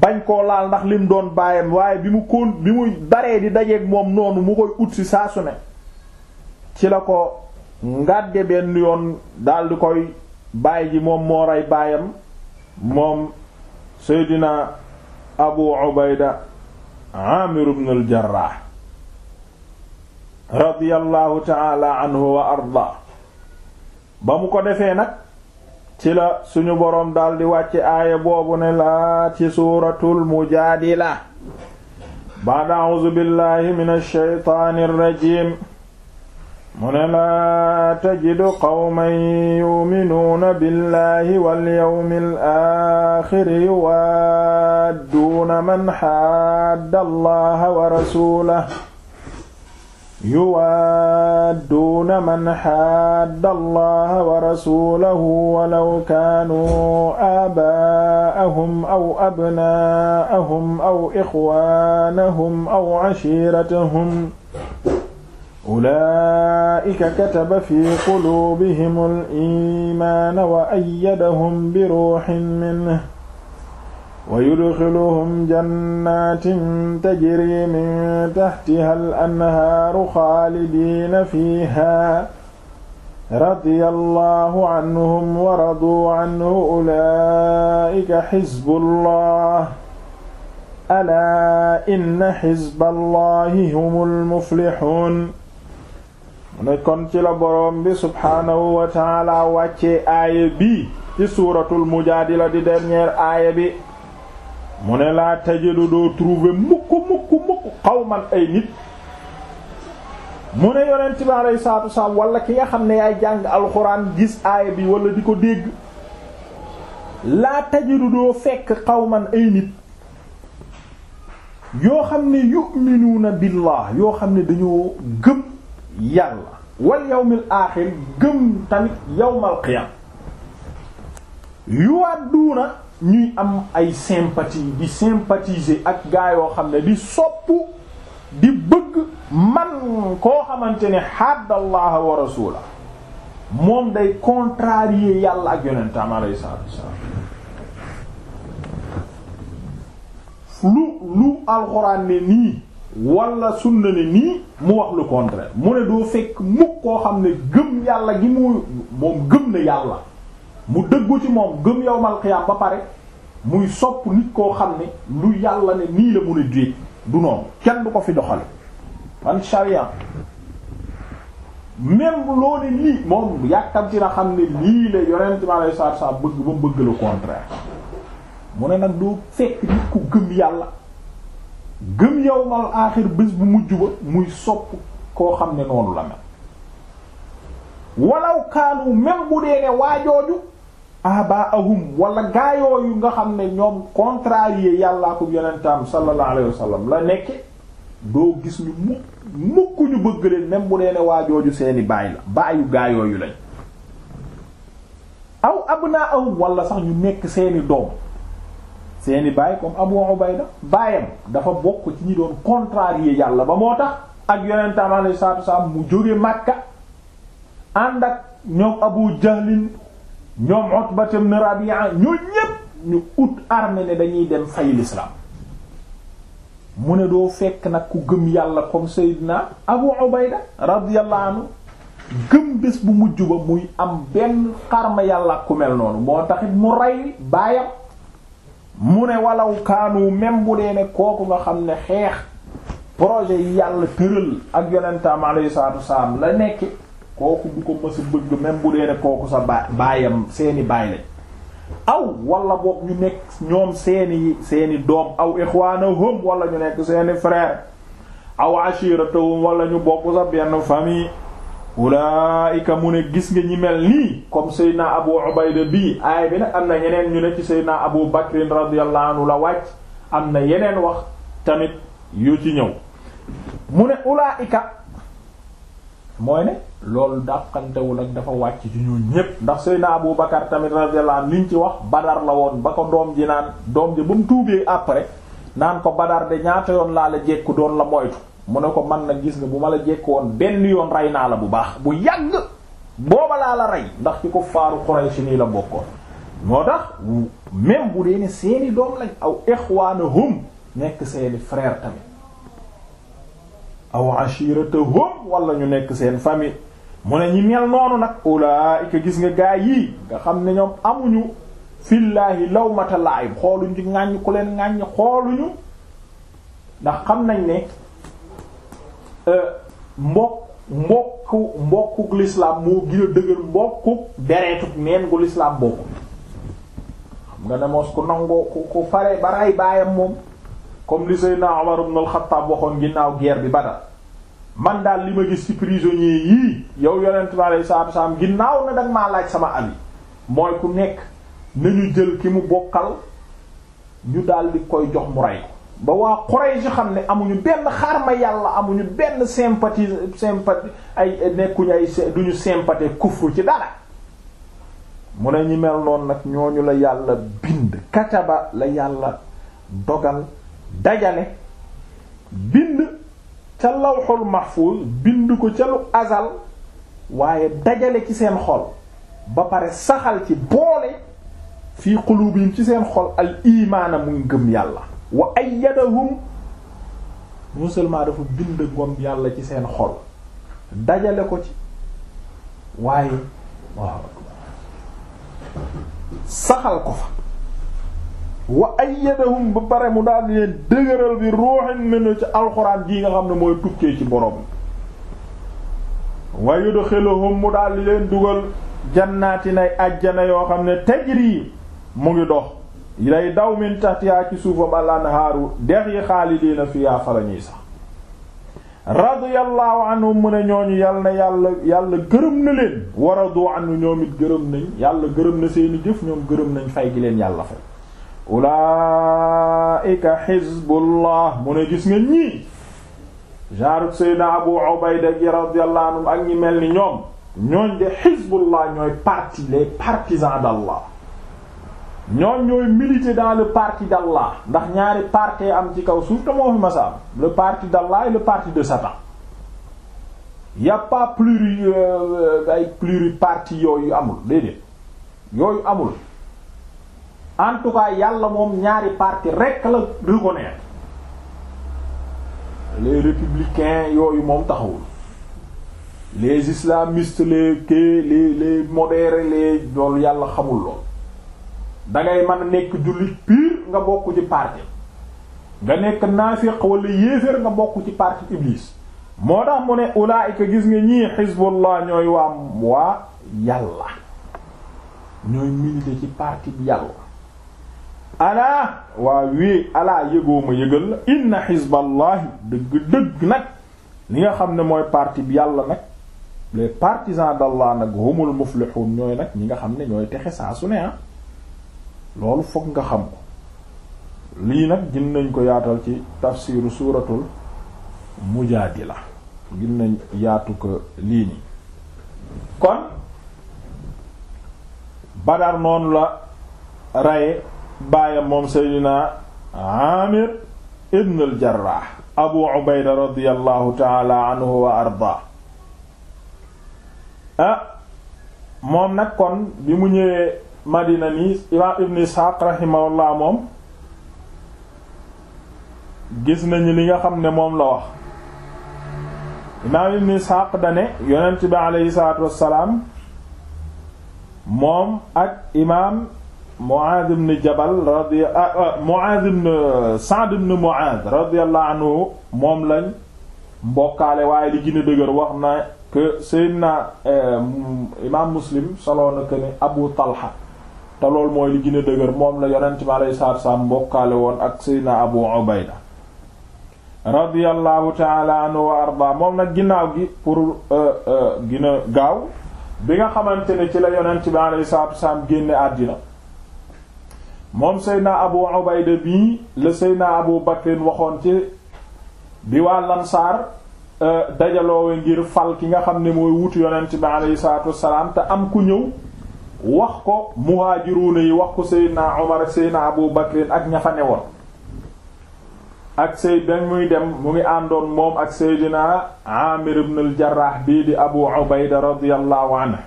bañ koo laal ndax lim doon bàyyam waaye bi mu koon bi muy baree di dajeeg moom noonu mu koy ut si saa su ne ci la ko ngàdde benn yoon daldi koy baay ji moom moo rey baayam moom seydina abu ubayda amir ibn al radiyallahu taala anhu wa arda ba mu ko defee nag ci la suñu boroom daldi wàcce aaya boobu ne laa ci suuratul mujaadila ba'da a'uuzu billahi minash shaytaanir rajiim mu ne laa tajidu qawman yuminuuna billahi walyawmi al axiri yuwaadduuna man xaadda allaha wa rasulah yuwaadduuna man xaadda allaha wa rasulahu walaw kaanuu aabaa'ahum aw abnaa'ahum aw ixwaanahum aw cashiiratahum ulaa'ika kataba fi quluubihimul iimaana wa ayyadahum bi ruuhin minhu wa yudxiluhum jannaatin tajrii min tahtihal anhaaru xaalidiina fiihaa radiyallaahu anhum wa raduu anhu ulaa'ika xizbullaah alaa inna xizballaahi humul muflixuun mu ne kon ci la boroom bi subhaanahu wa taala wàccee aaya bii ci suuratul mujaadila di dernière aaya bi mu ne laa tajidu doo trouver mukk mukk mukk xawman ay nit mu ne yonent bi alayhi salaatu wala ki nga xam ne yaay jàng alxuraan gis aaya bi walla di ko dégg laa tajidu doo fekk xawman ay nit yoo xam ne yu'minuuna billah yoo xam ne dañoo gëm yàlla wal yawmil aaxir gëm tamit yawmal qiyaam yuwadduuna ñuy am ay sympathie di sympathiser ak gaa yoo xam ne di sopp di bëgg man koo xamante ne haddallaha wa rasuula moom day contrarier yàlla ak yonentam alayhi salaatu wassalaam lu lu alxuraan ne nii wala sunna ne nii mu wax lu contraire mu ne doo fekk mukk koo xam ne gëm yàlla gi mu moom gëm na yàlla mu dëggu ci moom gëm yowmal xiyaam ba pare muy sopp nit koo xam ne lu yàlla ne nii la mun a du noonu kenn du ko fi doxal man sharia même loo ne lii moom yàkkam na xam ne lii la yonent mi alayhi salaatu bëgg ba bëgg le contraire mu ne nag doo fekk nit ku gëm yàlla gëm yow yowmal aaxir bés bu mujj ba muy sopp koo xam ne noonu la mel walaw kaanu même bu dee ne waajooju abaahum wala gaayooyu nga xam ne ñoom contrarier yàllaa ko yonentaam sallallahu alayhi wasallam la nekke doo gis ñu mukk mukk ñu bëgg leen même bu dee ne waajooju seeni baay la baayu gaayooyu lañ aw abnaahum wala sax ñu nekk seeni doom seeni baay comme Abu Ubayda baayam dafa bokk ci ñi doon contrarier yàlla ba moo tax ak yonentam alayhi salaatu wasallam mu jóge Makka ànd ak ñoom Abu Jahlin ñoom Utba ibn Rabi'a ñoo ñépp ñu ut armée ne dañuy dem fay l'islam mu ne doo fekk nag ku gëm yàlla comme Seydina Abu Ubayda radiyallahu anhu gëm bés bu mujj ba muy am benn xarma yàlla ku mel noonu moo taxit mu rey baayam mu ne walaw kaanu même bu dee ne kooku nga xam ne xeex projet yi yàlla tëral ak yonentaam alayhi salaatu wasalaam la nekk kooku bu ko mësa bëgg même bu dee ne kooku sa ba baayam seeni baay lañ aw wala boog ñu nekk ñoom seeni seeni doom aw ixwaanahum wala ñu nekk seeni frère aw ashiratuhum wala ñu bokk sa benn famille ulaayika mu ne gis nga ñi mel nii comme seyna abu ubayda bii aay bi nag am na yeneen ñu ne ci seydna abu bakrin radiyallahu anhu la wàcc am na yeneen wax tamit yu ci ñëw mu ne ulaayika mooy ne loolu dàqantewul ak dafa wàcc ci ñun ñépp ndax seydna abu bakar tamit radiyallahu anhu liñ ci wax badar la woon ba ko doom ji naan doom ji ba mu tuubee après naan ko badar de ñaata yoon laa la jekku doon la moytu mu ne ko man nag gis nga bu ma la jekk woon benn yoon rey naa la bu baax bu yàgg booba laa la rey ndax ci ko faaru Quraysh nii la bokkoon moo tax même bu dee ne seeni doom lañ aw ixwaanahum nekk seeni frère tamit aw ashiratahum wala ñu nekk seen famille mu ne ñi mel noonu nag ulaa'ika gis nga gaay yii nga xam ne ñoom amuñu fillaahi lawmata laa'ib xooluñu ci ŋàññ ku leen ŋàññ xooluñu ndax xam nañ ne Euh, mbokk mbokku mbokkuk l'islam moo gën a dëgër mbokkuk deretuk neen gu l'islam bokk xam nga ne mos ku nangoo ku ku fare ba rey baayam moom comme li Seydina Umar ibn al-Khattab waxoon ginnaaw guerre bi Badar man daal li ma gis ci prisonniers yii yow yonent bi alayhi salaatu salaam ginnaaw na dag maa laaj sama abi mooy ku nekk nañu jël ki mu bokkal ñu daal koy jox mu rey ba waa Quraysh xam ne amuñu benn xarma yàlla amuñu benn sympathie sympathie ay nekkuñu ay duñu sympathie kufru ci dara mu ne ñi mel noon nag ñooñu la yàlla bind kataba la yàlla dogal dajale bind ca lawxul mahfuz bind ko ca lu azal waaye dajale ci seen xol ba pare saxal ci boole fii qulubihim ci seen xol al imaana mu gëm yàlla wa ayyadahum non seulement dafa bind ngom yàlla ci seen xol dajale ko ci waaye waaw saxal ko fa wa ayyadahum ba pare mu daal di leen dëgëral bi ruuxin minhu ci alxuraan jii nga xam ne mooy tukkee ci borom wa yudxiluhum mu daal di leen dugal jannaatin ay ajjana yoo xam ne tajri mu ngi dox lay daw min ci suufam al anhaaru dex yi xaalidiina fiha fa la anhum mu ne ñooñu yàlla yàlla yàlla gërëm na leen waradu anhu ñoom it gërëm nañ yàlla gërëm na seeni jëf ñoom gërëm nañ fay gi leen yàlla fay ulaika xizbullah mu ne gis nga ñii genre seydna abu ubayda ji radiyallahu anhum ak ñi mel ni ñoom ñooñ de xizbullah ñooy parti les partisans d'Allah ñoom ñooy militer dans le parti d'Allah ndax ñaari parti am ci kaw suuf te moo fi masaam le parti d'Allah la le parti de Satan y a pas pluri euh, ay pluri parti yooyu amul déedéet yooyu amul en tout cas yàlla moom ñaari partie rekk la reconnaître les républicains yooyu moom taxawul les islamistes les kii les les modérés les loolu yàlla xamul lool dangay mën a nekk jullit pur nga bokk ci parti nga nekk naafiq wala yéeféer nga bokk ci parti iblis moo tax mu ne ulaayika gis nga ñii xisbullah ñooy waa waa yàlla ñooy milité ci parti bi yàlla alaa waa wii alaa ma yëgal la inna xisballahi dëgg-dëgg nag li nga xam ne mooy parti bi yàlla nag les partisans d'Allah nag humul muflihun ñooy nag ñi nga xam ne ñooy texe saa su neex ah. loolu fokk nga xam ko lii nag gën nañ ko yaatal ci tafsiru suuratul mujaadila gën nañ yaatu ko lii nii kon Badar noonu la raye baayam moom Seydina Amir ibn al Abu Ubayda radiyallahu taala anhu ah, moom nag kon bi mu ñëwee madina nii imaam ibn isxaaq rahimahullah moom gis nañu li nga xam ne moom la wax imaam ibn isxaaq dane yonent bi aleyhi salaatu wassalaam moom ak imaam Muaaz ibn Jabal radi ah, ah, Muaaz ibn Sa'd ibn Muaaz radiyallahu anhu moom lañ mbokkaale waaye li gën dëgër wax na que Seydina eh, imaam Muslim soloona que ne Abu Talha te loolu mooy li gën a dëgër moom la yonent bi aleyhi salaatu salaam mbokkaale woon ak seydna abu ubayda radiyallahu taala anhu wa moom nag ginnaaw gi pour euh, euh, gën a gaaw bi nga xamante ne ci la yonent bi aleyhi salaatu salaam génne àddina moom seydna abu ubayda bii la seydna abu bakrin waxoon ci bi waa lansaar euh, dajaloowe ngir fal ki nga xam ne mooy wutu yonent bi aleyhi salaatu salaam te am ku ñëw wax ko muhaajiruuna yi wax ko Seydina Omar ak Seydina Abu Bakrin ak ña fa newoon ak Seyd dañ muy dem mu ngi àndoon moom ak Seydina Amir ibn al bii di Abu Ubayda radiyallahu anhu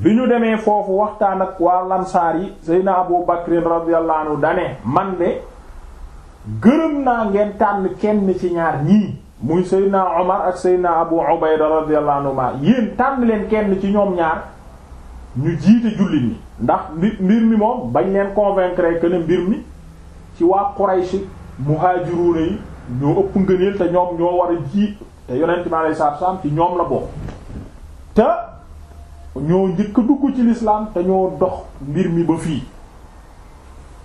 bi ñu demee foofu waxtaan ak waa lansaar yi Seydina Abu Bakrin radiyallahu anhu dane man de gërëm naa ngeen tànn kenn ci ñaar ñii muy Seydina Omar ak Seydina Abu Ubayda radiyallahu anhu ma tànn leen kenn ci ñoom ñaar ñu jiite jullit ñi ndax mbir mi moom bañ leen convaincre que ne mbir mi ci waa Quraysh muhaajiruuna yi ñoo ëpp ngëneel te ñoom ñoo war a jiit te yonent mi alayhi salaatu ci ñoom la bokk te ñoo njëkk a dugg ci lislaam te ñoo dox mbir mi ba fii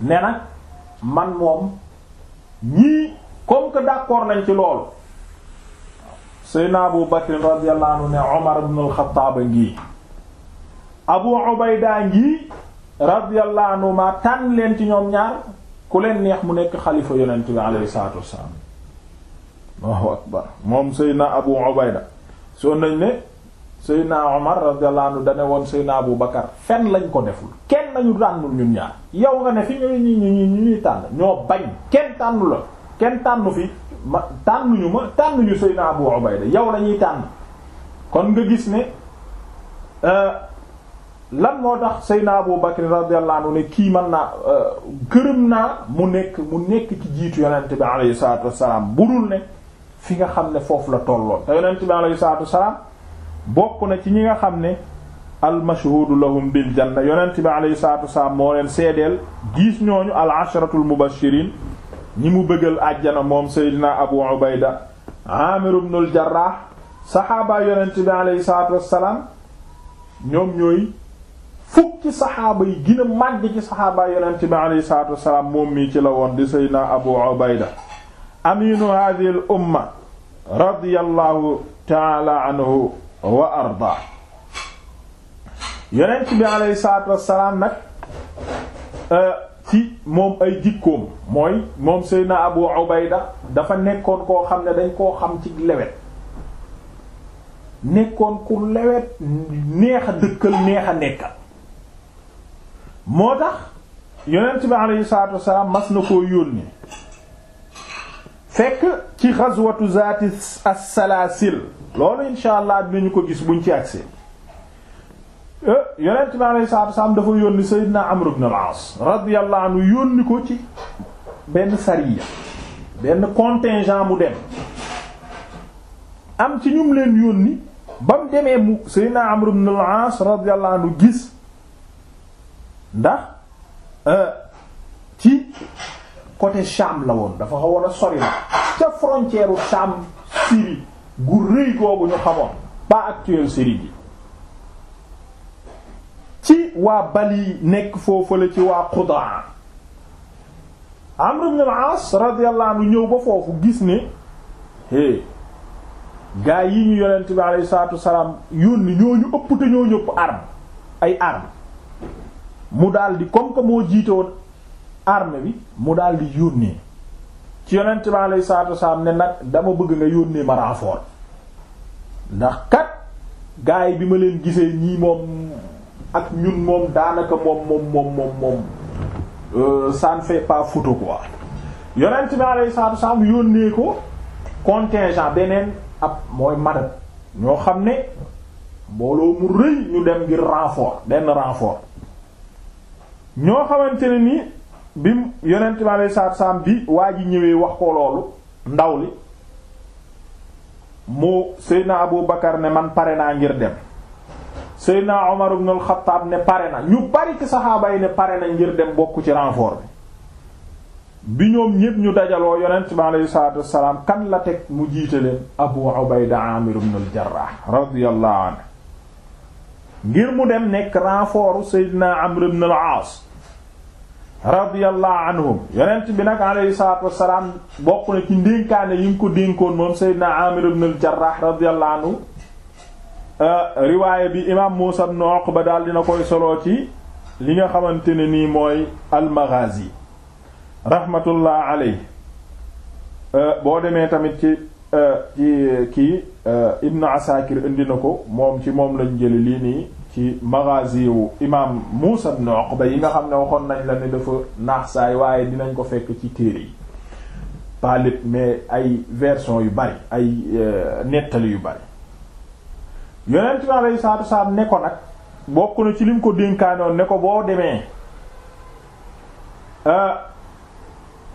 ne nag man moom ñii comme que d'accord nañ ci loolu Seydina Abu Bakr radiyallahu anhu ne Omar ibn al-Khattab ngi abu ubayda ngi radiyallahu anhu ma tànn leen ci ñoom ñaar ku leen neex mu nekk xalifa yonent bi alayhi salaatu wassalaam Allahu akbar moom seydna abu ubayda soo nañ ne seydna omar radiyallahu anhu dane woon seydna abu bakar fenn lañ ko deful kenn nañu tànnul ñun ñaar yow nga ne fi ñuy ñi ñi ñu ñuy tànn ñoo bañ kenn tànnu la kenn tànnu fi ma tànnuñu ma tànnuñu seydna abu ubayda yow lañuy tànn kon nga gis ne euh, lan moo tax Seydina Abu Bakr radiyallahu anhu ne kii man naa euh, gërëm naa mu nekk mu nekk ci jiitu yonent bi alayhi salaatu bu budul ne fi nga xam ne foofu la tolloon te yonent bi alayhi salaatu wassalaam bokk na ci ñi nga xam ne al mashhuudu lahum bil janna yonent bi alayhi salaatu wassalaam moo leen seedeel gis ñooñu al asharatul mubashiriin ñi mu bëggal àjjana moom Seydina Abu Ubayda Aamir ibnul Jarraah saxaaba yonent bi alayhi salaatu wassalaam ñoom ñooy fukki saxaaba yi gën a màgg ci saxaaba yonent bi alayhi salaatu wassalaam moom mii ci la woon di seydina abu taala anhu wa arda yonent bi alayhi salaatu wassalaam nag euh, ci moom ay jikkoom mooy moom seydina abu ubayda dafa nekkoon koo xam ne dañ koo xam ci lewet nekkoon ku lewet neex a dëkkal neex a nekkal moo tax yonent bi aleyhi salaatu wasalaam mas na koo yónni fekk ci xaswatu zaati as-salaasil loolu insha allah dinañu ko gis buñ ci agsee eh, yonent bi aleyhi salaatu wasalaam dafa yónni Seydina Amr ibn al-As radiyallahu anhu yónni ko ci benn sariya benn contingent mu dem am ci ñum leen yónni ba mu demee mu Seydina Amr ibn al-As radiyallahu gis ndax euh, ci côté Sham la woon dafa xawoon a sori la ca frontière u Sham Syrie gu rëy googu ñu xamoon pas actuelle Syrie bi ci waa Bali nekk foofu la ci waa Qudaa Amr ibn al-As radiyallahu anhu ñëw ba foofu gis ni é gaa yi ñu yonent bi alayhi salaatu wasalaam yónni ñooñu ëpp te ñoo ñëpp arme ay arme mu daal di comme que moo jiite woon bi mu daal di yónnee ci yonent bi alayhi salaatu wasalaam ne nag dama bëgg nga yónnee ma renfort ndax kat gaay bi ma leen gisee ñii moom ak ñun moom daanaka moom moom moom moom moom euh, ça ne fait pas photo quoi yonent bi alayhi salaatu wasalaam yónnee ko contingent beneen ab mooy madame ñoo xam ne mbooloo mu rëy ñu dem ngir renfort benn renfort ñoo xamante ni bi yonent bi alei salaatu salaam bi waa ji ñëwee wax ko loolu ndaw li mu Seydina Abu Bakar ne man pare naa ngir dem Seydina Omar ibn al-Khattab ne pare na ñu bari ci saxaaba yi ne pare na ngir dem bokk ci renfort bi bi ñoom ñépp ñu dajaloo yonent bi aleyhi salaatu wassalaam kan la teg mu jiite leen Abu Ubayda Amir ibn al-Jarrah radiyallahu ngir mu dem nekk renfort Seydina Amr ibn al-Aas radiyallahu anhum yonent bi nag alayhi salaatu wassalaam bokk na ci ndénkaane yi mu ko dénkoon moom Seydina Amir ibn al-Jarrah radiyallahu euh, riwaaya bi imaam Muusa ibn Uqba daal dina koy soloo ci li nga xamante ne nii mooy al-Maghazi rahmatullah alayhi euh, boo demee tamit ci euh, ci kii Ibn Asakir indi na ko moom ci moom lañ jëli lii nii ci maghazi wu imaam Muusa ibn Uqba yi nga xam ne waxoon nañ la ne dafa naax saay waaye dinañ ko fekk ci téere yi pas lépp mais ay version yu bari ay euh, nettali yu bari yonent bi alayhi salaatu salaam ne ko nag bokk na ci lim ko dénkaanoon ne ko boo demee euh,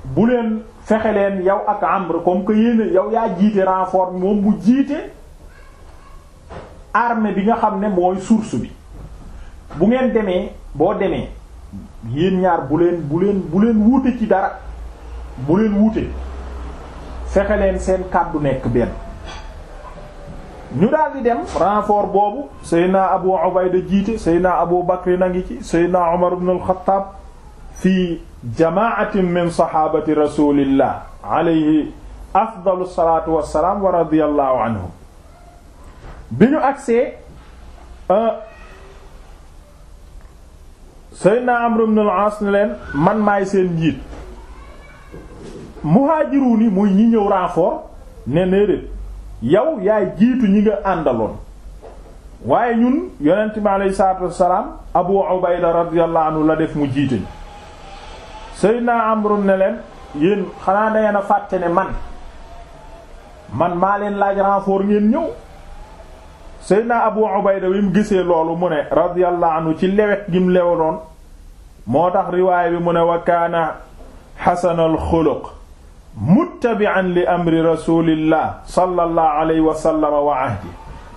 bu leen fexe leen yow ak Amr comme que yéen yow yaa jiite renfort moom bu jiite armée bi nga xam ne mooy source bi bu ngeen demee boo demee yéen ñaar bu leen bu leen bu leen wuute ci dara bu leen wuute fexe leen seen kàddu nekk benn ñu daal di dem renfort boobu Seydina Abu Ubayda jiite Seydina Abu Bakr na ngi ci Seydina Umar ibn al-Khattab fii jamaatin min sahabati rasulillah alayhi afdalu salatu wassalam wa radiyallahu anhum bi ñu agsee euh, Seydina Amr ibn al man maay seen njiit muhaajiruun yi muy ñi ñëw renfort ne néeréet yow yaay jiitu ñi nga àndaloon waaye ñun yonent bi aleyhi salaatu wassalaam Abu Ubayda radiyallahu la def mu jiite ñu Seydina Amr ne leen yéen xanaa dangeen a fàtte ne man man maa leen laaj renfort ngeen ñëw seydna abu ubayda bi mu gisee loolu mu ne radiyallahu ci lewet gi mu lewoon moo tax riwaay bi mu ne wa kaana xasanal xuluq muttabi'an li amri rasulillah sallallahu alayhi wa sallam wa ahdi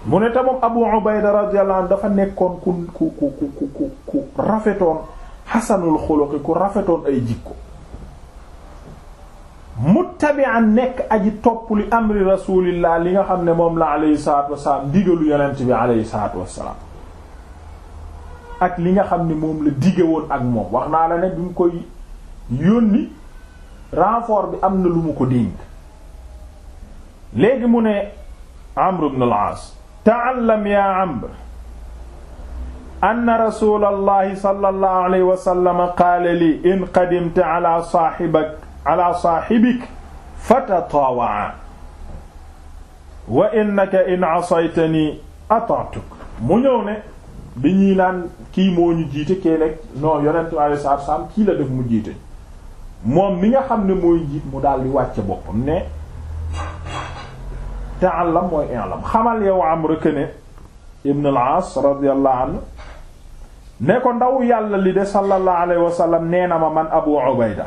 mu ne te moom abu ubayda radiyallahu anhu dafa nekkoon ku ku ku ku ku rafetoon xasanul xuluqi ku rafetoon ay jikko muttabi'an nekk aji topp li amri rasulillah li nga xam ne moom la alayhi salaatu wasalaam digalu yonent bi alayhi salaatu wasalaam ak li nga xam ne moom la dige woon ak moom wax naa la ne bi mu koy yónni renfort bi am na lu mu ko dénk léegi mu ne Amr ibn al-Aas ta'allam ya Amr anna rasulallahi sallallahu alayhi wa sallam qaala li in qadimta ala saahibik ala saaxibik fatatawaa wa innaka in ata'tuk mu ñëw ne bi ñuy naan kii moo ñu jiite kee nekk non yonentu Yàlla sar sam kii la def mu jiite moom mi nga xam ne mooy jiit mu daldi di wàcce boppam ne ta'allam mooy i'lam xamal yow Amr ne ibn al-As radiyallahu ne ko ndaw yàlla li de sallallahu alayhi wa sallam na ma man Abu Ubayda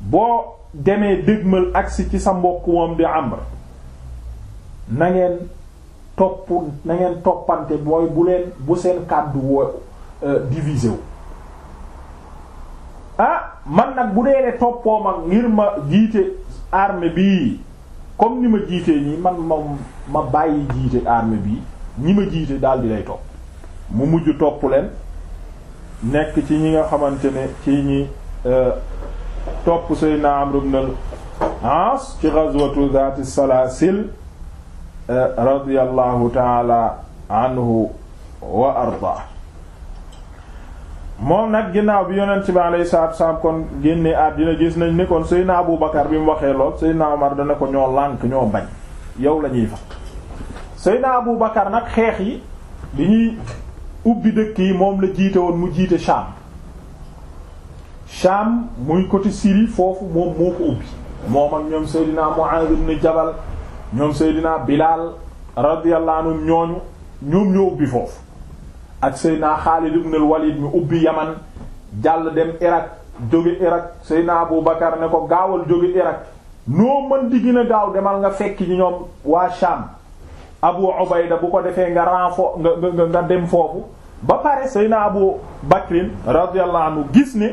boo demee dégmal agsi ci sa mbokk moom di Amr na ngeen topp toppante booy bu leen bu seen kàddu woo euh, divisé wu ah man nag bu dee ne toppoo ma ngir ma jiite armée bii comme ni ma jiitee ñi man ma ma bàyyi jiite armée bi ñi ma jiite daal di lay topp mu mujj topp leen nekk ci ñi nga xamante ne ci ñi euh, topp Seydina Amr ibn al-As ci ghazwatu zaati salaasil eh, radiyallahu taala anhu wa ardaa moom nag ginnaaw bi yonent bi alayhi salaatu wa salaam kon génne àddina gis nañ ni kon Seydina Abu Bakar bi mu waxee lool Seydina Omar dana ko ñoo lànk ñoo bañ yow la ñuy fa Seydina Abu Bakar nag xeex yi bi ñuy ubbi dëkk yi moom la jiite woon mu jiite Sham Sham muy côté Syrie foofu moom moo ko ubbi moom ak ñoom Seydina Mu'adh ibn Jabal ñoom Seydina Bilal radiyallahu anhum ñooñu ñoom ñoo ubbi foofu ak Seydina Xaalid ibn al-Walid ubbi Yaman jàll dem Irak jóge Irak Seydina Abu Bakar ne ko gaawal jóge Irak noo mën di gën a gaaw demal nga fekk ñi ñoom waa Sham Abu Ubayda bu ko defee nga renfo nga nga dem foofu ba pare Seydina Abu Bakrin radiyallahu anhu gis ne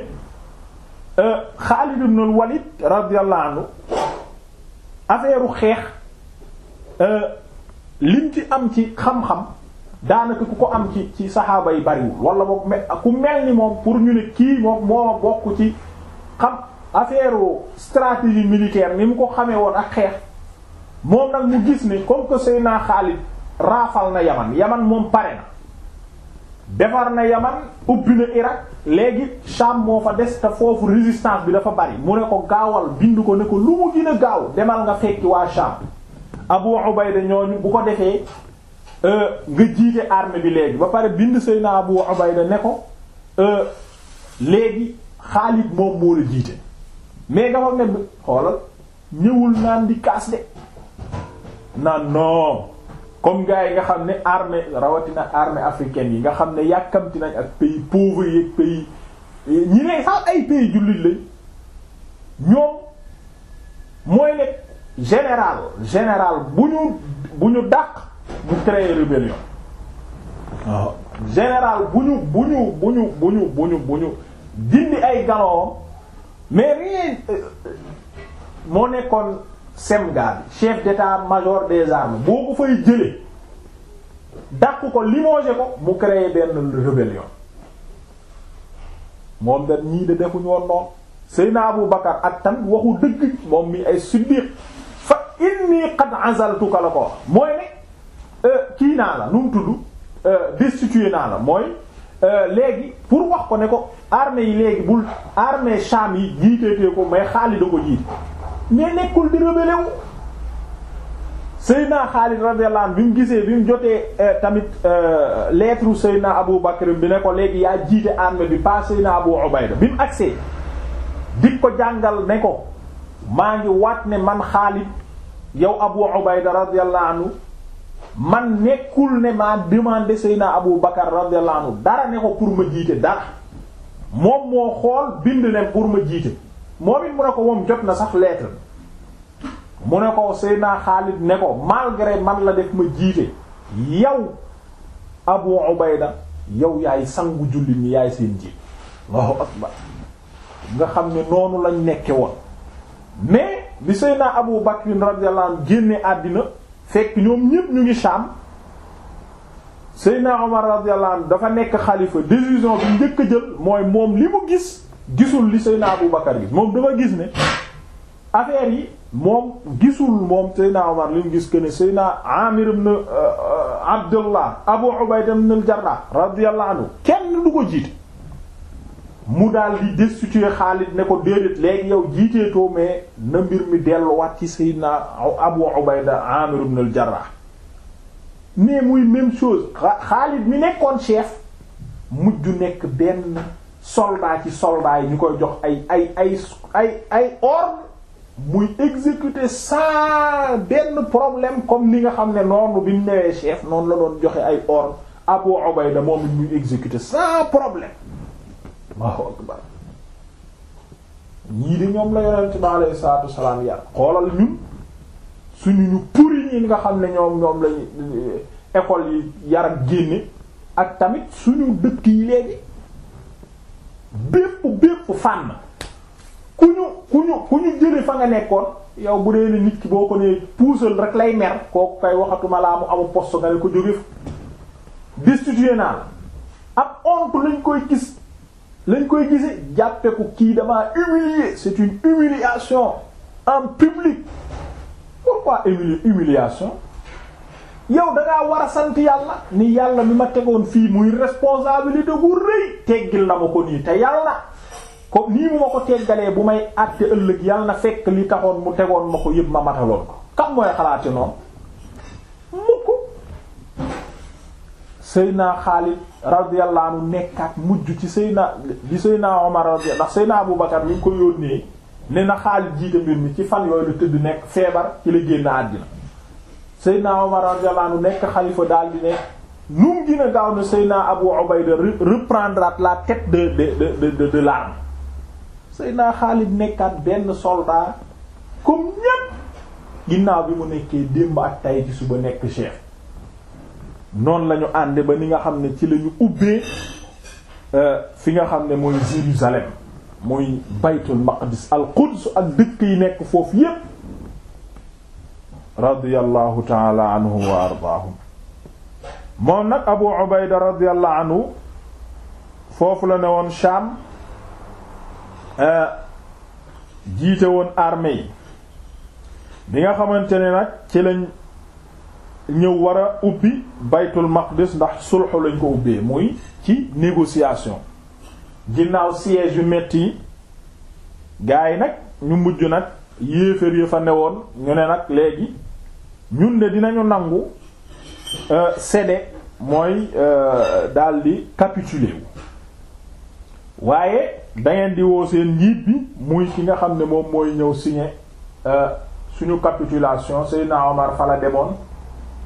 Xaalid euh, ibn al-Walid radiyallahu anhu affaire xeex euh, lim ci am ci xam-xam daanaka ku ko am ci ci saxaaba yi bariwul wala boog ku mel ni moom pour ñu ne kii moom moo bokk ci xam affaire stratégie militaire ni mu ko xamee woon ak xeex moom nag mu gis ni comme que Seydina Xaalid raafal na Yaman Yaman moom pare na. defar na yaman ubbi na Irak léegi Sham moo fa des te foofu résistance bi dafa bari mu ne ko gaawal bind ko ne ko lu mu gën a gaaw demal nga fekki waa Sham Abu Ubayda ñooñu bu ko defee euh, nga jiite armée bi léegi ba pare bind Seyna Abu Ubayda ne ko euh, léegi Xaalid moom moo la jiite mais nga fa ne xoolal ñëwul naan di kaas de naan non comme gars yi nga xam ne armée rawatina armée africain yi nga xam ne yàkkamti nañ ak pays pauvres yi ak pays ñi ne sax ay pays jullit lañ ñoom mooy ne général général bu ñu bu ñu dàq bu créer rébellion waaw ah. général bu ñu bu ñu bu ñu bu ñu bu ñu bu ñu dindi ay galon mais euh, moo nekkoon semga bi chef d'état-major des armées boo ko fay jëlee dàq ko limogé ko mu créé benn rébellion moom da ñii de defuñu woon noonu Seydina Abu Bakar ak tan waxu dëgg moom mi ay siddiq fa inni qad azaltuka la ko mooy ne euh, kii naa la nu mu tudd euh, destitué naa la mooy euh, léegi pour wax ko ne ko armée yi léegi bul armée Sham yi jiiteetee ko mais Xaalid da ko jiite mais nekkul di rebelle wu Seydina Xaalid bi mu gisee bi mu jotee euh, tamit euh, lettre Seydina Abu Bakr bi ne ko léegi yaa jiite armée bi pas Seydina Abu Ubayda bi mu agsee di ko jàngal ne ko maa ngi waat ne man Xaalid yow Abu Ubayda radiyallahu man nekkul ne maa demandé Seydina Abu Bakr radiyallahu anhu dara ne ko pour ma jiite dara moom moo xool bind ne pour ma jiite moom it mu ne ko moom jot na sax lettre mu ne ko Seydina Xaalid ne ko malgré man la def ma jiite yow Abu Ubayda yow yaay sangu jullit ñi yaay seen jiit nga xam ne noonu lañ nekke woon mais bi Seydina Abu Bakr radiyallahu anhu génne àddina fekk ñoom ñépp ñu ngi Sham Seydina Omar radiyallahu anhu dafa nekk xalifa décision bi njëkk jël mooy moom li mu gis gisul li Seydina Abu Bakar gis moom dama gis ne affaire yi moom gisul moom Seydina Omar li mu gis que ne Seydina Amir ibn euh, euh, Abdullah Abu Ubayda ibn al-Jarrah radiyallahu kenn du ko jiite mu daal di destituer Xaalid ne ko déedéet léegi yow jiiteetoo mais na mbir mi delluwaat ci Seydina Abu Ubayda Amir ibn al-Jarrah muy même chose Xaalid mi nekkoon chef mujj nekk benn soldat ci soldat yi ñu koy jox ay ay ay ay ay ordre muy exécuter sans benn problème comme ni nga xam ne noonu bi mu newee chef noonu la doon joxe ay ordre Abu Ubayda moom it muy exécuter sans problème Allahu akbar ñii de ñoom la yonent bi alayhi salaatu wasalaam yar xoolal ñun suñu ñu puri ñi nga xam ne ñoom ñoom lañu école yi yaram ak génne ak tamit suñu dëkk yi léegi bépp bépp fànn ku ñu ku ñu ku ñu jële fa nga nekkoon yow bu dee ne nit ki boo ko nee puusal rek lay mer kooku kay waxatuma laa mu amu poste nga ne ko jóge fa destitué naa la ab honte lañ koy gis lañ koy gise jàppe ko kii damaa humilier c'est une humiliation en public pourquoi humilier humiliation yow da ngaa war a sant yàlla ni yàlla bi ma tegoon fii muy responsabilité bu rëy teggil na ma ko nii te yàlla ko nii mu ma ko teggalee bu may àtte ëllëg yàlla na fekk li taxoon mu tegoon ma ko yëpp ma mataloon ko kam mooy xalaate noonu mukk Seydina Xaalid radiyallahu anhu nekkaat mujj ci Seydina di Seydina Omar radiyallahu ndax Seydina Abu Bakar li ko yónnee ne na Xaalid jiite mbir mi ci fan yooyu la tëdd nekk feebar ci la génn àddina Seydina Omar radiyallahu anhu nekk xalifa daal di ne nu mu gën gaaw ne Seydina Abu Ubayda reprendra la tête de de de de de l'armée Seydina Xaalid nekkaat benn soldat comme ñépp ginnaaw bi mu nekkee démb ak tay ci suba nekk chef noonu lañu ñu ànde ba ni nga xam ne ci la ñu ubbee euh, fi nga xam ne mooy Jérusalem mooy baytul maqdis al Quds ak dëkk yi nekk foofu yépp radiyallahu taala anhum wa ardaahum moom nag abu ubayda radiyallahu anhu foofu la ne woon Sham eh, jiite woon armée yi bi nga xamante ne nag ci lañ ñëw wara a ubbi baytul maqdis ndax sulxu lañ ko ubbee muy ci négociation ginnaaw siège yu metti yi gaa yi nag ñu mujj nag yéeféer yi fa newoon ñu ne nag léegi ñun de dinañu nangu euh, céder mooy euh, daldi capituler wu waaye dangeen di woo seen njiit bi muy ki nga xam ne moom mooy ñëw signer euh, suñu capitulation Seydina Omar fa la demoon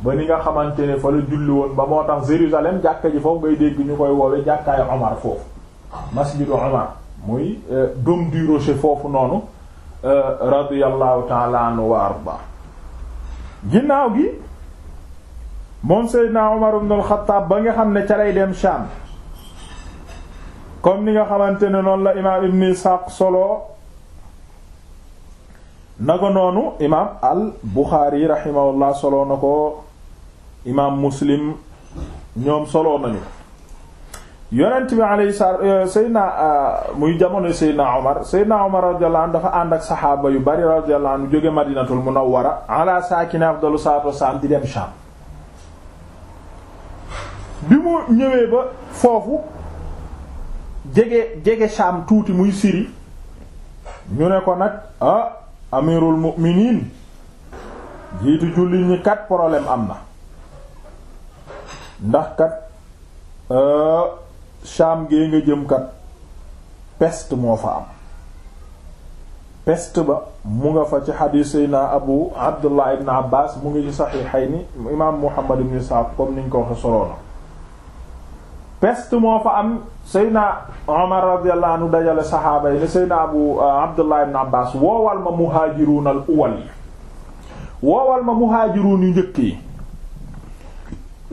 ba ni nga xamante ne fa la julli woon ba moo tax Jérusalem jàkka ji foofu ngay dégg ñu koy woowe jàkkaayu Omar foofu masjidu Omar muy dôme du rocher foofu noonu radiyallahu ta'ala anhu wa arda ginnaaw gi moom Seydina Omar ibn al-Khattab ba nga xam ne ca lay dem Sham comme ni nga xamante ne noonu la imaam Ibn Isxaaq solo ko noonu imaam al Buxaari rahimahullah solo na ko imaam Muslim ñoom solo nañu yonent bi alayhi salaam eh, eh, muy jamono Seydina Omar Seydina Omar radiyallahu anhu dafa ànd ak saxaaba yu bari radiyallahu anhu jóge Madinatul Munawwara ala saakina afdalu salaatu wassalaam di dem Sham bi mu ñëwee ba foofu jege jege Sham tuuti muy Syrie ñu ne ko nag ah amirul mu'miniin jiitu julli ñi kat problème am na ndax kat. Eh, Sham gee nga jëm kat peste moo fa am peste ba mu nga fa ci xadiis sayna abu abdullah ibn abbas mu ngi ci saxiixayni imaam muhammad ibn isxaaq comme niñ ko waxe soloona peste moo fa am sayna dajale saxaaba yi ne sayna abu uh, abdullah ibn abbas woowal ma muhaajiruun al uwal yi woowal ma muhaajiruun yu njëkk yi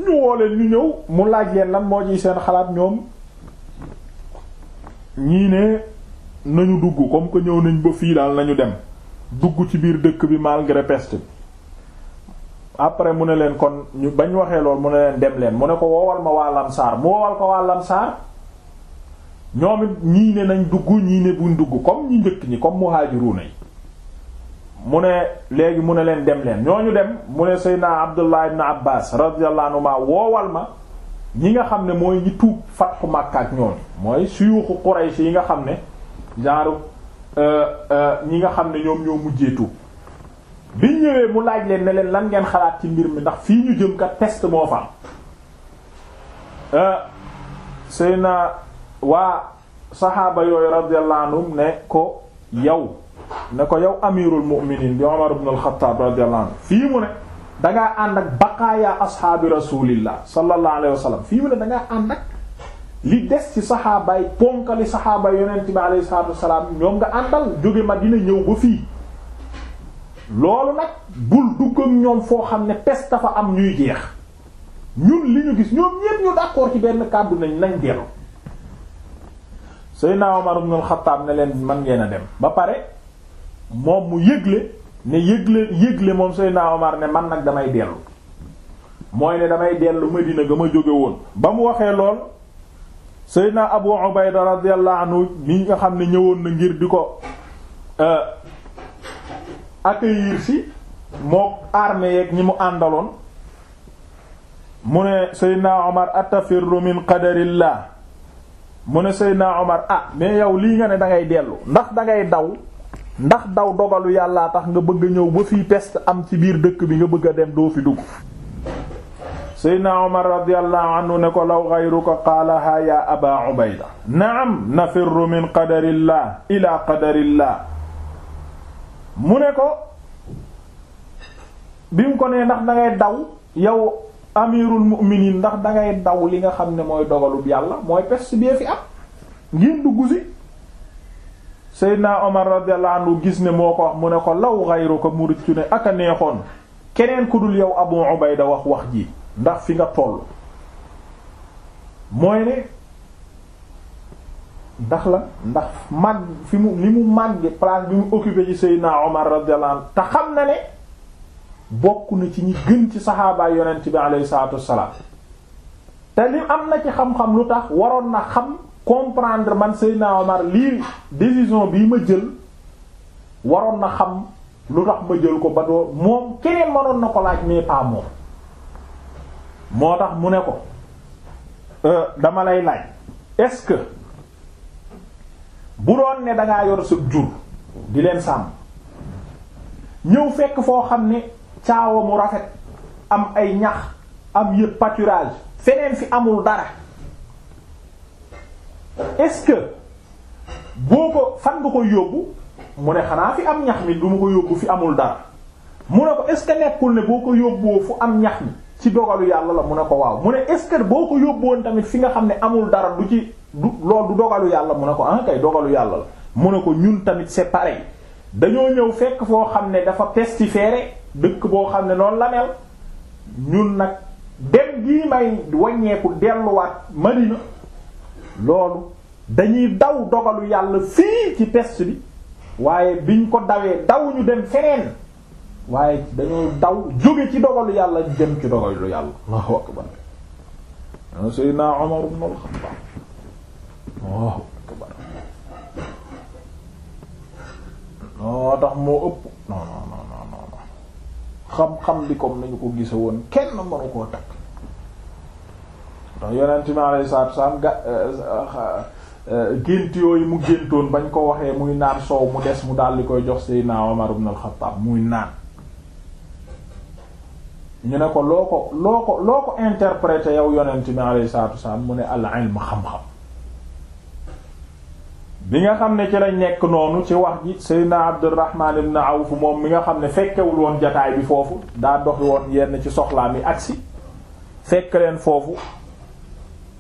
ñu woo leen ñu ñëw mu laaj leen lan moo ciy seen xalaat ñoom ñii ne nañu dugg comme que ñëw nañ ba fii daal nañu dem dugg ci biir dëkk bi malgré peste bi après mu ne leen kon ñu bañ waxee lool mu ne leen dem leen mu ne ko woowal ma waa Lamsaar mu woowal ko waa Lamsaar ñoom it ñii ne nañ dugg ñii ne buñ dugg comme ñi njëkk ñi comme muhaajiruuna yi mu ne léegi mu ne leen dem leen ñooñu dem mu ne Seydina Abdullah ibn Abbas radiyallahu anhu woowal ma ñi nga xam ne mooy ñi tuub fatxu Makka ak ñoom mooy suyuuxu Quraysh yi nga xam ne genre euh, euh, ñi nga xam ne ñoom ñoo mujjee tuub biñ ñëwee mu laaj leen ne leen lan ngeen xalaat ci mbir mi ndax fii ñu jëm kat test moo fa am euh, sëy na waa saxaaba yooyu radiyallahu anhum ne ko yow ne ko yow amirul mu'minin bi Umar ibn al-Khattab radiyallahu anhu fii mu ne dangaa ànd ak baqaaya ashaabi rasulillah sallallahu alayhi wa sallam fii mu ne dangaa ànd ak li des ci saxaabaay ponkali saxaaba yonent bi alayhi salaatu ñoom nga àndal jóge Madina ñëw ba fii loolu nag bul dugg ñoom foo xam ne pes dafa am ñuy jeex ñun li ñu gis ñoom ñépp ñu d'accord ci benn kàddu nañ nañ dellu Seydina Omar ibn al-Khattab ne leen man ngeen a dem ba pare moom mu yëgle ne yëgle yëgle moom Seydina Omar ne man nag damay dellu mooy ne damay dellu Medina ga ma jóge woon ba mu waxee lool Seydina Abu Ubayda radiyallahu anhu mi nga xam ne ñëwoon na ngir di ko euh, accueillir si moo armée yeeg ñi mu àndaloon mu ne Seydina Omar atafirru min qadarillah mu ne Seydina Omar ah mais yow lii nga ne dangay dellu ndax dangay daw ndax daw dogalu yàllaa tax nga bëgg a ñëw ba fii peste am ci biir dëkk bi nga bëgg a dem doo fi dugg seydna omar radiyallahu anhu ne ko law ghayruka qaala haa ya aba ubayda naam nafirru min qadarillah ila qadarillah mu ne ko bi mu ko nee ndax dangay daw yow amirul mu'minin ndax dangay daw li nga xam ne mooy dogalub yàlla mooy peste bi fi am dugg si Seydina Omar radiyallahu anhu gis ne moo ko wax mu ne ko law ghayruka mu rëccu ne ak a neexoon keneen ku dul yow Abu Ubayda wax wax ji ndax fi nga toll mooy ne ndax la ndax mag fi mu li mu màgg place bi mu occupé ci Seydina Omar radiyallahu anhu te xam na ne bokk na ci ñi gën ci saxaabaa yonent bi alayhi salaatu wassalaam te li am na ci xam-xam lu tax waroon na xam comprendre man Seydina Omar lii décision bii ma jël waroon na xam lu tax ma jël ko ba doo moom keneen mënoon na ko laaj mais pas moom moo tax mu ne ko euh, dama lay laaj est-ce que bu doon ne dangaa yor sa jur di leen sàmm ñëw fekk foo xam ne caawa mu rafet am ay ñax am yëpp pâturage feneen fi amul dara est-ce que boo ko fan bu ko yóbbu mu ne xanaa fi am ñax mi duma ko yóbbu fi amul dara mu ne ko est-ce nekkul ne boo ko yóbbuwoo fu am ñax mi ci dogalu yàlla la mu ne ko waaw mu ne est boo ko yóbbuwoon tamit fi xam ne amul dara du ci du loolu du dogalu yàlla mu ne ko ah kay dogalu yàlla la mu ne ko ñun tamit c'est pareil dañoo ñëw fekk foo xam ne dafa pestiféré dëkk boo xam ne noonu la ñun nag dem gii may wàññeeku delluwaat Madina loolu dañuy daw dogalu yàlla fii ci peste bi waaye biñ ko dawee daw ñu dem fereen waaye dañoo daw jóge ci dogalu yàlla ñu dem ci dogalu yàlla Allahu akbar a Seydina Umar ibn al moo ëpp non non non xam-xam bi comme nañu ko gise woon kenn mënu koo takk ndax yonent mi alayhi salaatu salaam ga euh, euh, gént yooyu mu géntoon bañ ko waxee muy naan soow mu des mu daal di koy jox Seydina Omar na al-Khattab muy naan ñu ne ko loo ko loo ko loo ko interprété yow yonent mi alayhi salaatu mu ne al-ilm xam-xam bi nga xam ne ci lañ nekk noonu ci wax ji Seydina Abdurrahman na Awf moom mi nga xam ne fekkewul woon jataay bi foofu daa dox woon yenn ci soxlaa mi agsi fekk leen foofu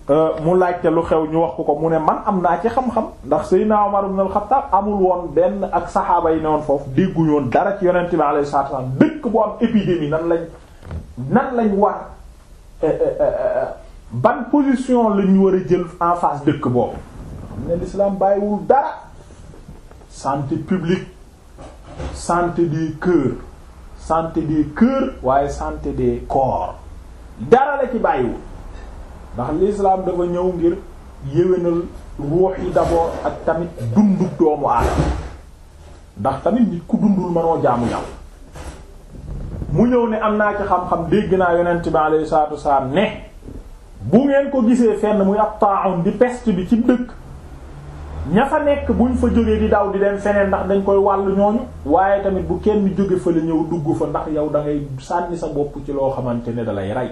Euh, mu laajte lu xew ñu wax ko ko mu ne man am naa ci xam-xam ndax Seydina Umar ibn al-Khattab amul woon benn ak saxaaba yi ne woon foofu dégguñu woon dara ci yonent bi alayhi salaatu wasallam dëkk bu am épidémie nan lañ nan lañ war euh, euh, ban position lañ war a jël en face dëkk boobu am ne l'islam bàyyiwul dara santé publique santé des cœurs santé des cœurs waaye santé des corps dara la ci bàyyiwul ndax l'islam dafa ñëw ngir yéwénal ruux yi d'abord ak tamit dundu doomu aadama ndax tamit nit ku dundul mënoo jaamu yàlla mu ñëw ne am naa ci xam-xam dégg naa yonent bi alayhi salaatu wasalaam ne bu ngeen ko gisee fenn muy ab taa'un di peste bi ci dëkk ña fa nekk buñ fa jógee di daw di dem feneen ndax dañ koy wàll ñooñu waaye tamit bu kenn jóge fa la ñëw dugg fa ndax yow da sànni sa bopp ci loo xamante ne dalay rey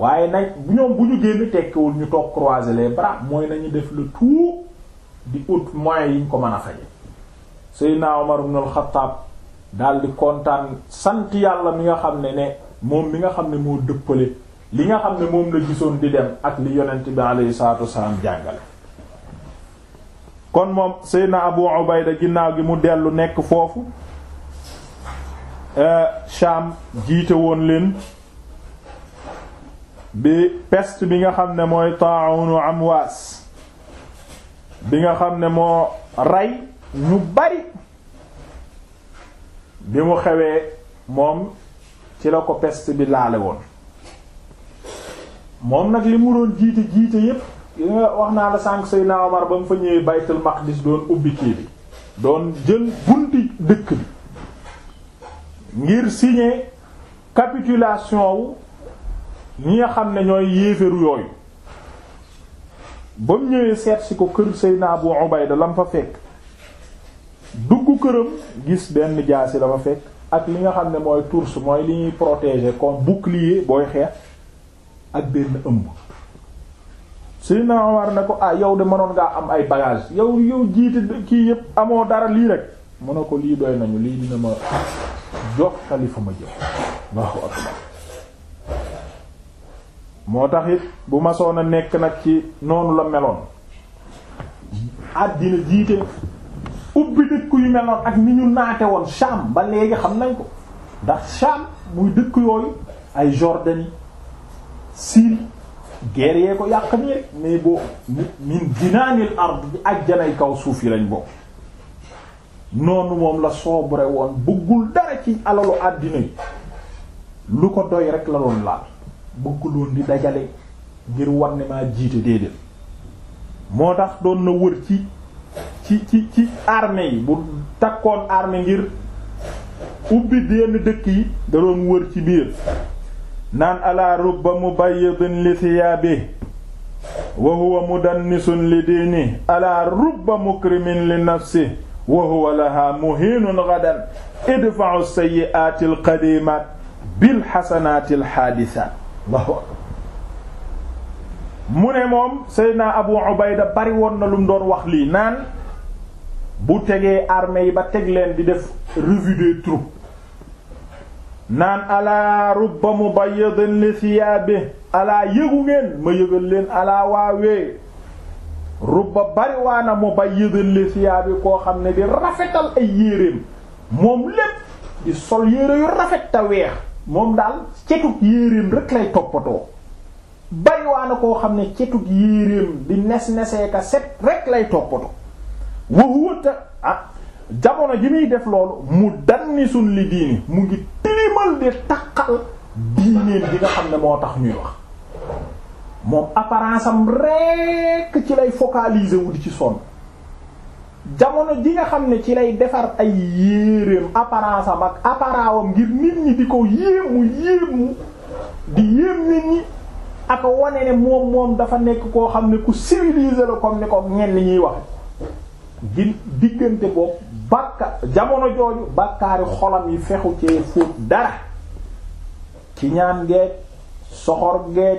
waaye nañ ñoom bu ñu génn tekkewul ñu toog croiser les bras mooy nañu def le tout di ut moyens yi ñu ko mën a faje Seydina Umar ibn al-Khattab daal di kontaan sant yàlla mi nga xam ne ne moom mi nga xam ne moo dëppale li nga xam ne moom la gisoon di dem ak li yonent bi alayhi salaatu wasalaam jàngale kon moom Seydina Abu Ubayda ginnaaw gi mu dellu nekk foofu eh, Sham jiite woon leen bi pest bi nga xam ne mooy taawunu amwaas bi nga xam ne moo rey ñu bari bi mu xewee moom ci la ko peste bi laale woon moom nag li mu doon jiite jiite yépp wax naa la sànq Seydina Omar ba mu fa ñëwee baytul maqdis doon ubbi kii bi doon jël bunti dëkk bi ngir signer capitulation wu ñi nga xam ne ñooy yéeféru yooyu ba mu ñëwee seet si ko kër Seydina Abu da la mu fa fekk dugg këram gis benn jaasi la fekk ak li nga xam ne mooy tours mooy li ñuy protéger comme bouclier booy xeex ak benn ëmb Seydina Omar ne ko ah yow de mënoon ngaa am ay bagage yow yow jiite kii yépp amoo dara lii rek mu ne ko lii doy nañu lii dina ma jox tali ma jëm waaw moo tax it bu masoon a nekk nag ci noonu la meloon àddina jiite ubbi dëkk yu meloon ak ni ñu naate woon Sham ba léegi xam nañ ko ndax Sham muy dëkk yooyu ay Jordanie Syrie guerre yee ko yàq nii rek mais boo min dinaanil ard bi ajjanay kaw suuf yi lañ bokk noonu moom la soobre woon bëggul dara ci alalu àddina yi lu ko doy rek la doon laal bëgguloon di dajale ngir war ne maa jiite déedéet moo tax doon na wër ci ci ci ci yi bu takkoon armée ngir ubbi dénn dëkk yi da wër ci biir naan ala rubba mubayyidin li thiyaabi wa huwa mudannisun li diini ala rubba mukrimin li nafsi wa huwa laha muhiinun gadan idfa'u sayyi'ati alqadimat bil hasanati alhaadisat mu ne moom Seydina Abu Ubayda bari na lu mu doon wax lii naan bu tegee armée yi ba teg leen di def revue des troupes naan alaa rubba mubayyadin li thiyaabi alaa yëgu ngeen ma yëgal leen alaa waawee rubba bariwaana mubayyadin li thiyaabi koo xam ne di rafetal ay yéreem moom lépp di sol yére yu rafet ta weex moom daal cetug yéeréem rek lay toppatoo bariwaana koo xam ne cetug yéeréem di nes-nesee ka set rek lay toppatoo wahuwata ah jamono ji muy def loolu mu dannisun li diini mu ngi tilimal de taqal diineen bi nga xam ne moo tax ñuy wax moom apparence am rekk ci lay focaliser wu di ci sonn jamono ji nga xam ne ci lay defar ay yéeréem apparence am ak apparawam ngir nit ñi di ko yéemu ak wane ne moom moom dafa nekk koo xam ne ku civilisé la comme ni ko ñenn ñuy wax di diggante boobu bàkka jamono jooju bàkkaari xolam yi fexu ci fóot dara ci ñaan geej soxor geej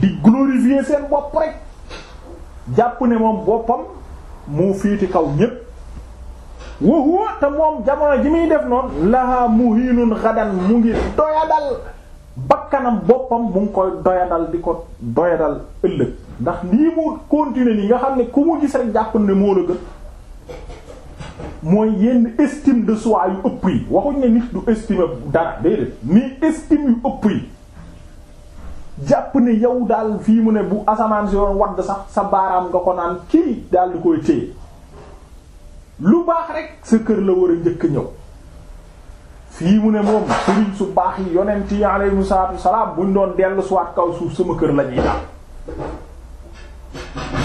di glorifier seen bopp rek jàpp ne moom boppam mu fiiti kaw ñépp wa te moom jamono ji muy def noonu laha muhinun xadan mu ngi doyadal bakkanam boppam mu ngi koy doyadal di ko doyadal ëllëg ndax nii mu continuer nii nga xam ne ku mu gis rek jàpp ne moo la mooy yenn estime de soi yu ëpp yi waxuñ ne nit du estime dara déedéet nii estime yu ëpp yi jàpp ne yow daal fii mu ne bu asamaan si doon wadd sax sa baaraam nga ko naan kii daal di koy téye lu baax rek sa kër la war a njëkk ñëw fii mu ne moom sëriñ su baax yi yonent yi aleyhimu salaatu wasalaam buñ doon dellu suwaat kaw suuf sama kër la daal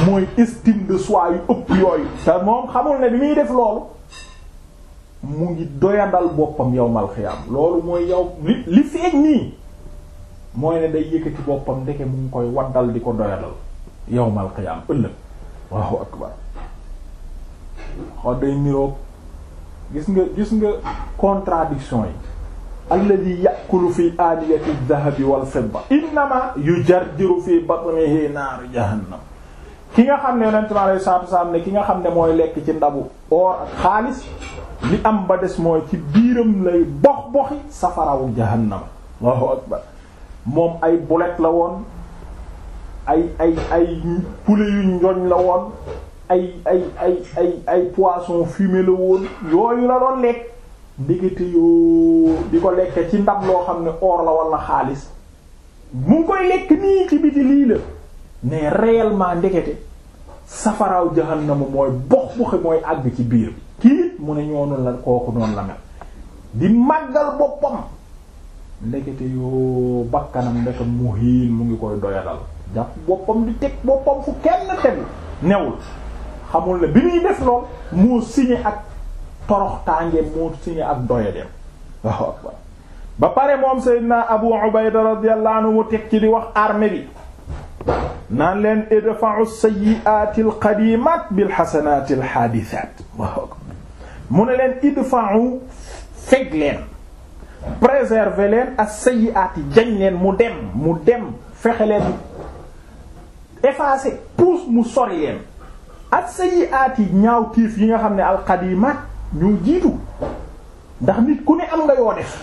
mooy estime de soi yu ëpp yooyu te moom xamul ne bi muy def loolu mu ngi doyadal boppam yow mal xiyaam loolu mooy yow li li feeg nii mooy ne day yëkkati boppam ndeke mu ngi koy waddal di ko doyadal yawmal qiyaam ëllëg waaw akbar xaw day niroog gis nga gis nga contradiction yi alladi ya'kulu fi aaniyati dhahabi wal fidda innama yujarjiru fi batnihi naar jahannam ki nga xam ne yonent bi ki nga xam ne mooy lekk ci ndabu or ak xaalis li am ba des mooy ci biiram lay box boxi safarawu jahannama allahu akbar moom ay boulettes la woon ay ay ay poulet yu njoñ la woon ay ay ay ay ay poisson fumé la woon yooyu la doon lekk ndekete yoo di ko lekk ci ndab loo xam ne or la walla xaalis mu ngi koy lekk nii ci biti lii la mais réellement ndekete safaraaw jahannama mooy box buxi mooy àgg ci biir bi kii mu ne ñoonu la kooku noonu la mel di màggal boppam ndekete yoo bakkanam ndeke mu hiin mu ngi koy doyadal jàpp boppam di teg boppam fu kenn tegu newul xamul ne bi muy def lool moo signé ak toroxtaange moo signé ak doyadeem ba pare moom Seydina Abu Ubayda radiyallahu anhu teg ci di wax armeli bi naan leen idfa'u sayyi'ati al-qadimat bi hasanati al-hadithat mu ne leen idfa'u feg leen préserver leen as sayyiati jañ leen mu dem mu dem fexe leen effacer pousse mu sori leen as sayyiati ñaaw tiif yi nga xam ne alqadimat ñu jiitu ndax nit ku ne am nga yoo def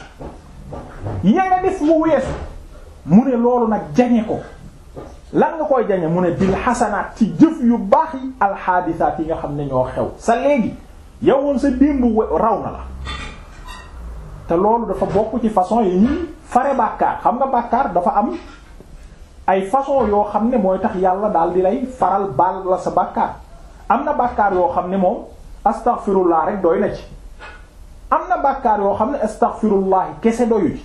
ya nga def mu weesu mu ne loolu nag jañe ko lan nga koy jañe mu ne bil xasanaat ci jëf yu baax yi alxaadisaat yi nga xam ne ñoo xew sa léegi yowoon sa démb raw na la te loolu dafa bokk ci façon yi ñuy fare bàkkaar xam nga bàkkaar dafa am ay façon yoo xam ne mooy tax yàlla daal di lay faral baal la sa bàkkaar am na bàkkaar yoo xam ne moom astaghfirullah rek doy na ci am na bàkkaar yoo xam ne astaghfirullah kese doyu ci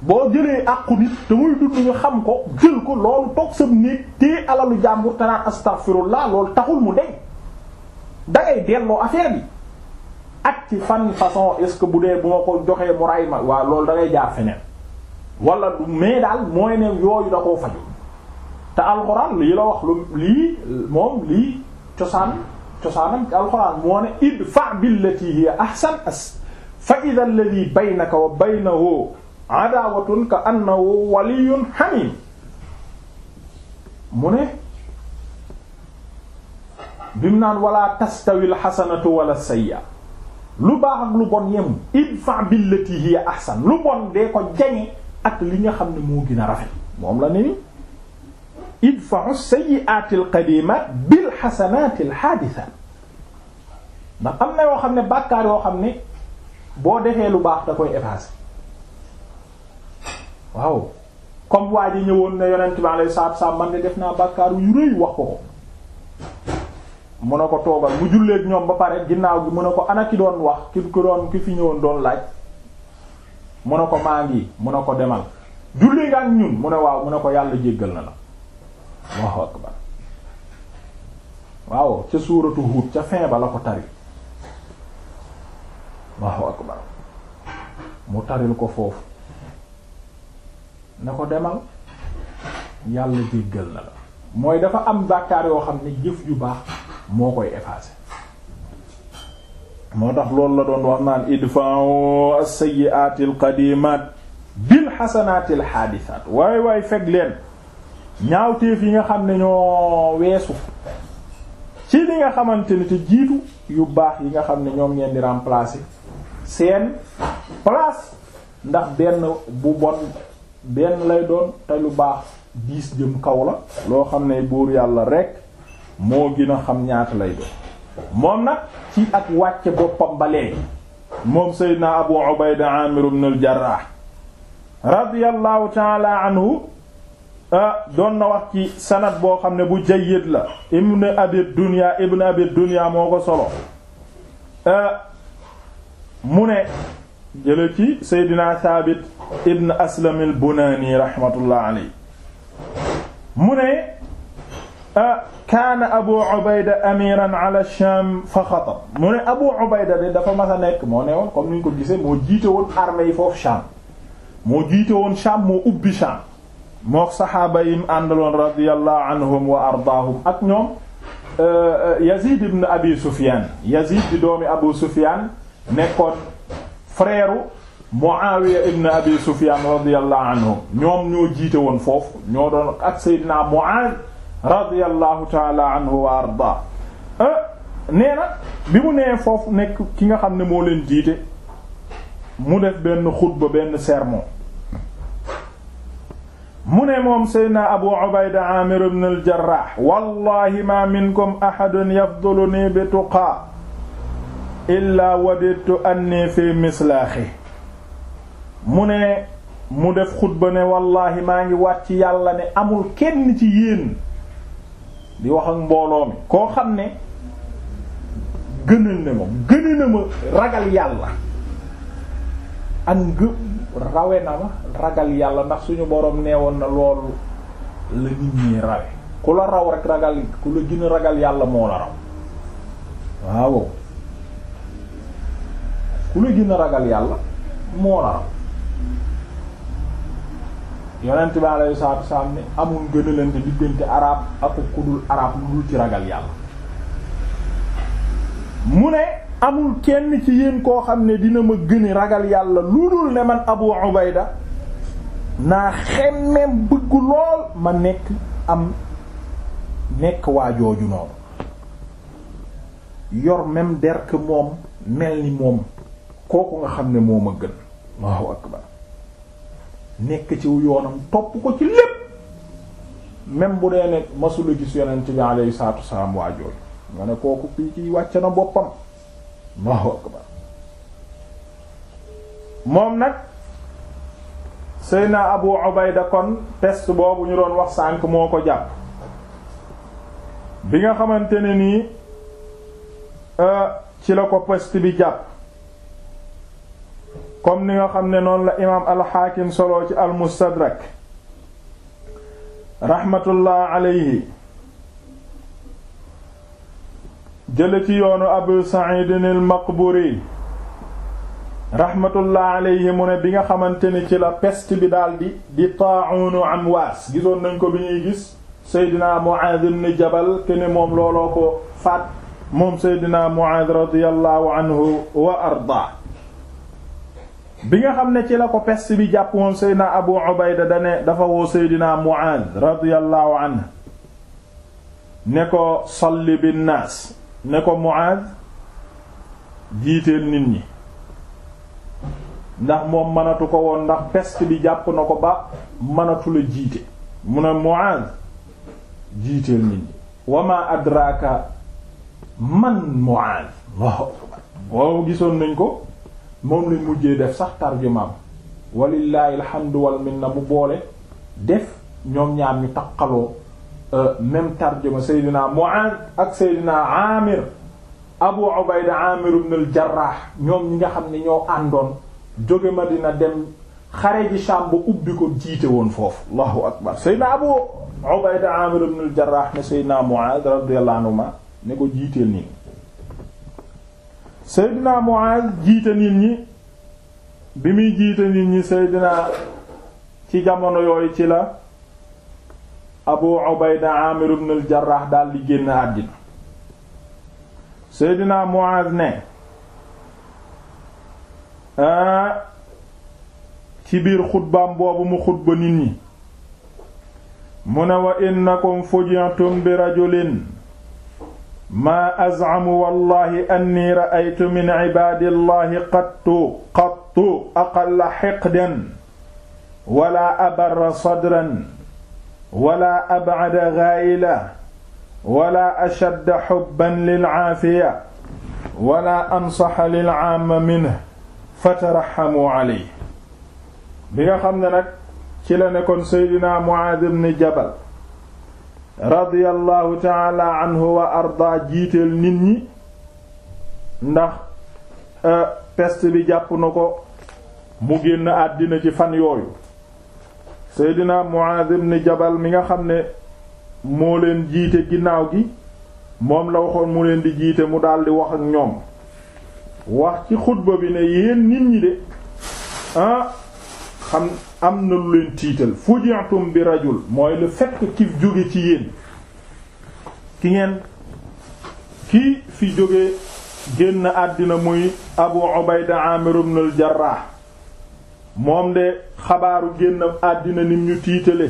boo jëlee àqu nit te muy dund ñu xam ko jël ko loolu toog sa nit te alalu jàmbur te naan astaghfirullah loolu taxul mu deñ dangay delloo affaire bi ak ci fan façon est-ce que bu dee bu ma ko joxee mu ray ma waaw loolu da ngay jaar feneen wala mais daal mooy ne yooyu da koo faju te alxuraan lii la wax lu lii moom lii cosaan cosaanam ci alxuraan moo ne idfa billati hiya ahsan as fa idha alladhi baynaka wa baynahu adawatun ka annahu waliyyun hamim mu ne bim naan wala tastawil hasanatu wala sayyi'a lu baax ak lu bon yem idfa billati hiya ahsan lu bon dee ko jañe ak li nga xam ne moo gën rafet moom la ne ni idfa'u sayyi'ati al-qadimat bil hasanati al-haditha ndax am na yoo xam ne bàkkaar yoo xam ne boo defee lu baax da koy effacer waaw comme waa ji ñëwoon ne yonent bi alayhi salaatu wa man de def naa bàkkaaru yu rëy wax ko ko mu ne ko toogal mu julleeg ñoom ba pare ginnaaw gi mu ne ko ana ki doon wax ki ko doon ki fi ñëwoon doon laaj mu ne ko maa ngi mu ne ko demal jullee nga ak ñun mu ne ko yàlla jéggal na la waaw ca suuratu Huud ca fin ba ko foofu ne ko demal yàlla jéggal na la mooy dafa am bàkkaar yoo xam ne jëf ju baax moo koy effacer moo tax loolu la doon wax naan idfa'u as-sayyi'ati al-qadimat bil hasanati al waay waay fekk leen ñaawteef yi nga xam ne ñoo weesu ci li nga xamante ni te jiitu yu baax yi nga xam ne ñoom ngeen di remplacer seen place ndax benn bu bon benn lay doon te lu baax diis jëm kaw la loo xam ne buur yàlla rek moo gën a xam ñaata lay doon moom nag ci ak wàcce boppam ba léegi moom Seydina Abu Ubayda Amir ibn al radiyallahu ta'ala anhu ah, doon na wax ci sanad boo xam ne bu jayyid la ibn abi dunya ibn abi dunya moo ko solo ah, mu ne jële ci Seydina Thabit ibn Aslam al rahmatullah alayhi mu ne Ah, kaana abu ubayda amiran ala sham fa xatab mu ne abu ubayda de dafa mas a nekk moo ne woon comme ni ñu ko gisee moo jiite woon armée yi foofu sham moo jiite woon sham moo ubbi sham moo saxaaba yim àndaloon radiyallahu anhum wa ardaahum ak ñoom eh, yazid ibn abi sufyan yazid di doomi abu sufyan nekkoon frère muawiya ibn abi sufyan radiyallahu anhum ñoom ñoo jiite woon foofu ñoo doon ak seydina muawiya radiyallahu taala wa arda ah, nee na bi mu nee foofu nekk ki nga xam ne moo leen jiite mu def benn xutba benn sermon mu ne moom seydna abu ubayda amir ibn al jarrah wallahi ma minkum ahadun yafduluni bi tuqaa illaa wadidtu anni fi mislaaxi mu ne mu def xutba ne wallahi maa ngi wàcc yàlla ne amul kenn ci yéen di wax ak mbooloo mi koo xam ne gënal na ma gënal na ma ragal yàlla ak ngë rawe na ma ragal yàlla ndax suñu boroom neewoon na loolu la nit ñi rawe ku la raw rek ragal ku la gën ragal yàlla moo la raw waaw ku la gën ragal yàlla moo la raw yonent bi alayhi salaatu salaam ne amul gënalante diggante arab ak ku dul arab lu dul ci ragal yàlla mu ne amul kenn ci yéen koo xam ne dina ma gëni ragal yàlla lu dul ne man Abu Ubayda naa xemmem bëgg lool ma nekk am nekk waa jooju noonu yor même der que moom mel ni moom kooku nga xam ne moo ma gën Allahu akbar nekk ci yoonam topp ko ci lépp même bu dee ne masula gis ci bi alayhi salaatu wasalaam waa jooju nga ne kooku pii ci wàcc na boppam Allahu akbar moom nag Seyna Abu Ubayda kon pest boobu ñu doon wax sànk moo ko jàpp bi nga xamante ne nii euh, ci la ko peste bi jàpp comme ni nga xam ne noonu la imaam alxaakim solo ci almustadrak raxmatullah aleyhi jële ci yoonu abu saidin almaqburi raxmatullah aleyhi mu ne bi nga xamante ni ci la peste bi daldi di taaxuunu amwaas gisoon nañ ko bi ñuy gis seydina muaaz ibn jabal kene moom looloo ko faat moom seydina muaaz radiyallahu anhu wa ardaa bi nga xam ne ci la ko peste bi jàpp moom seydina abu ubayda dane dafa woo seydina mu'adh radiyallahu anhu ne ko salli bin naas ne ko mu'adh jiiteel nit ñi ndax moom mënatu ko woon ndax peste bi jàpp na ko ba mënatula la jiite mu ne mu'adh jiiteel nit ñi wa ma man mu'adh waaw gisoon nañ ko moom lañ mujjee def sax tarjumaam walillahi alhamdu wal na mu boole def ñoom ñaar ñu taqaloo euh, même tarjuma Seydina Mu'aaz ak Seydina Aamir Abu Ubayda Aamir ibn jarraah ñoom ñi nga xam ne ñoo àndoon jóge Madina dem xare ji Sham ba ubbi ko jiite woon foofu Allahu akbar Seydina Abu Ubayda Aamir ibn al-Jarraah ne Seydina Mu'aaz radiyallahu anhu ne ko jiiteel nii Seydina Muaz jiite nit ñi bi muy jiite nit ñi Seydina ci jamono yooyu ci la Abu Ubayda Amir ibn al-Jarrah di génn àddina Seydina Muaz ne ah, ci biir xutbaam boobu mu xutba nit ñi mu ne wa innakum fuji'tum bi rajulin maa az'amu wallahi anni ra'aytu min ibaadillahi qattu qattu aqalla hiqdan wala abarra sadran wala ab'ada ghaayila wala ashadda hubban lil 'aafiya wala ansaha lil 'aamma minhu fatarahamu alayhi bi nga xam ne nag ci la nekkoon Seydina Mu'aaz ibn Jabal radiyallahu taala anhu wa jiiteel nit ñi ndax euh, peste bi jàpp na ko mu génn àddina ci fan yooyu seydina Muaaz ibn Jabal mi nga xam ne moo leen jiite ginnaaw gi moom la waxoon mu leen di jiite mu daldi wax ak ñoom wax ci xutba bi ne yéen nit ñi de ah xam am na lu leen tiital fuji'tum bi rajul mooy le fait ki jóge ci yéen ki ngeen ki fi jóge génn àddina muy Abu Ubayda Amir ibn al moom de xabaaru génn àddina nim ñu tiitale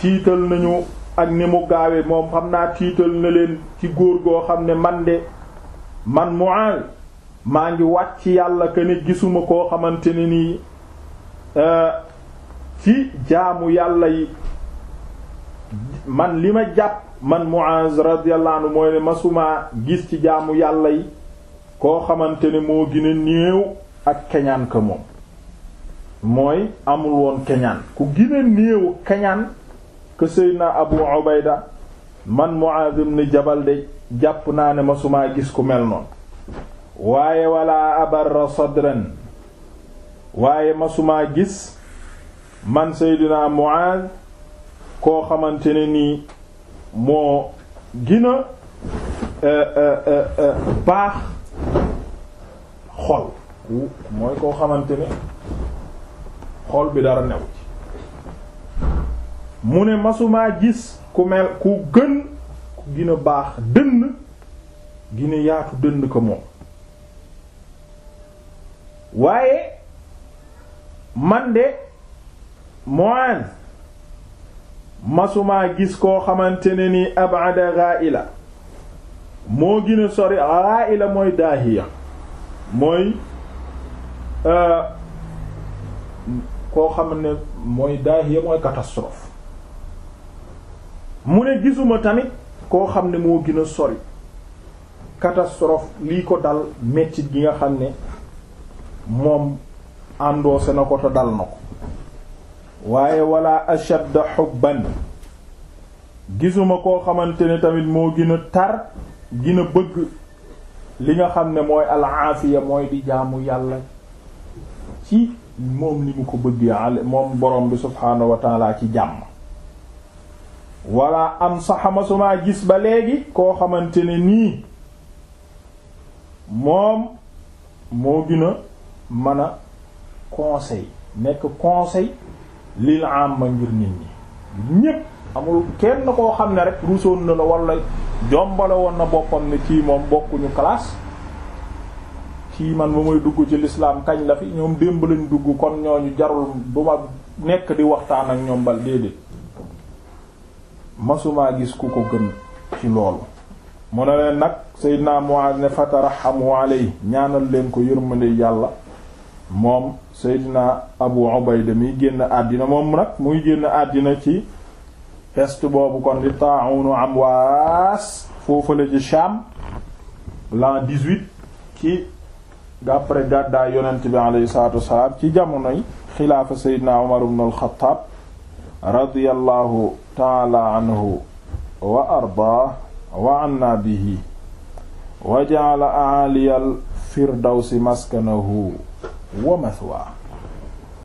tiital nañu ak ni mu gaawe moom xam naa tiital na leen ci góor goo xam ne man de man Mu'aaz maa ngi wàcc yàlla que ne gisuma koo xamante ni nii Euh, ci jaamu yàlla yi man li ma jàpp man Muaz radiyallahu anhu mooy ne masuma gis ci jaamu yàlla yi koo xamante ne moo gën néew ak keñaan ka moom mooy amul woon keñaan ku gën a néew keñaan ka na Abu Ubayda man Muaz ibn Jabal de jàpp naa ne masuma gis ku mel noonu waaye wala abarra sadran waaye masumaa gis man Seydina Muaaz koo xamante ne nii moo gina euh, euh, euh, baax xol mooy koo xamante ne xol bi dara new ci mu ne masumaa gis ku mel ku gën ku gina baax dënn gina yaatu dënn ko moom waaye man de Mu'aaz masumaa gis koo xamante ne ni abada Ghaa'ila moo gën a sori Ghaa'ila mooy daahiya mooy euh, koo xam ne mooy daahiya mooy catastrophe mu ne gisuma tamit koo xam ne moo gën a sori catastrophe lii ko dal metti gi nga xam ne moom endossé na ko te dal na ko waaye wala ashad xubban gisuma koo xamante ne tamit moo gën a tar gën a bëgg li nga xam ne mooy alaafiya mooy di jaamu yàlla ci moom ni mu ko bëggee moom borom bi subhaanahu wa ci jàmm wala am saxama suma gis ba léegi koo xamante ne nii moom moo gën a conseil nekk conseil lil amma ngir nit ñi ñépp amul kenn koo xam ne rek ruusoon na la wala jombale woon na boppam ne kii moom bokkuñu classe kii man ba may dugg ci lislaam kañ la fi ñoom démb lañ dugg kon ñooñu jarul bu ma nekk di waxtaan ak ñoom bal déedéet masumaa gis ku ko gën ci loolu mu ne leen nag Seydina Muaz ne fatarahamu yi ñaanal leen ko yërmande yàlla moom Seydina Abu Ubayda mi génn àddina moom nag muy génn àddina ci est boobu kon di taawunu Amwaas foofale ci Sham l'an 18 ci d'après gàddaay yonent bi alayhi salaatu wassalaam ci jamonoy xilaafa Seydina Umar ibn al-Khattab radiyallahu taala anhu wa ardaa wa anna bihi wa ja'ala a'aliyal firdawsi maskanahu wa mathwa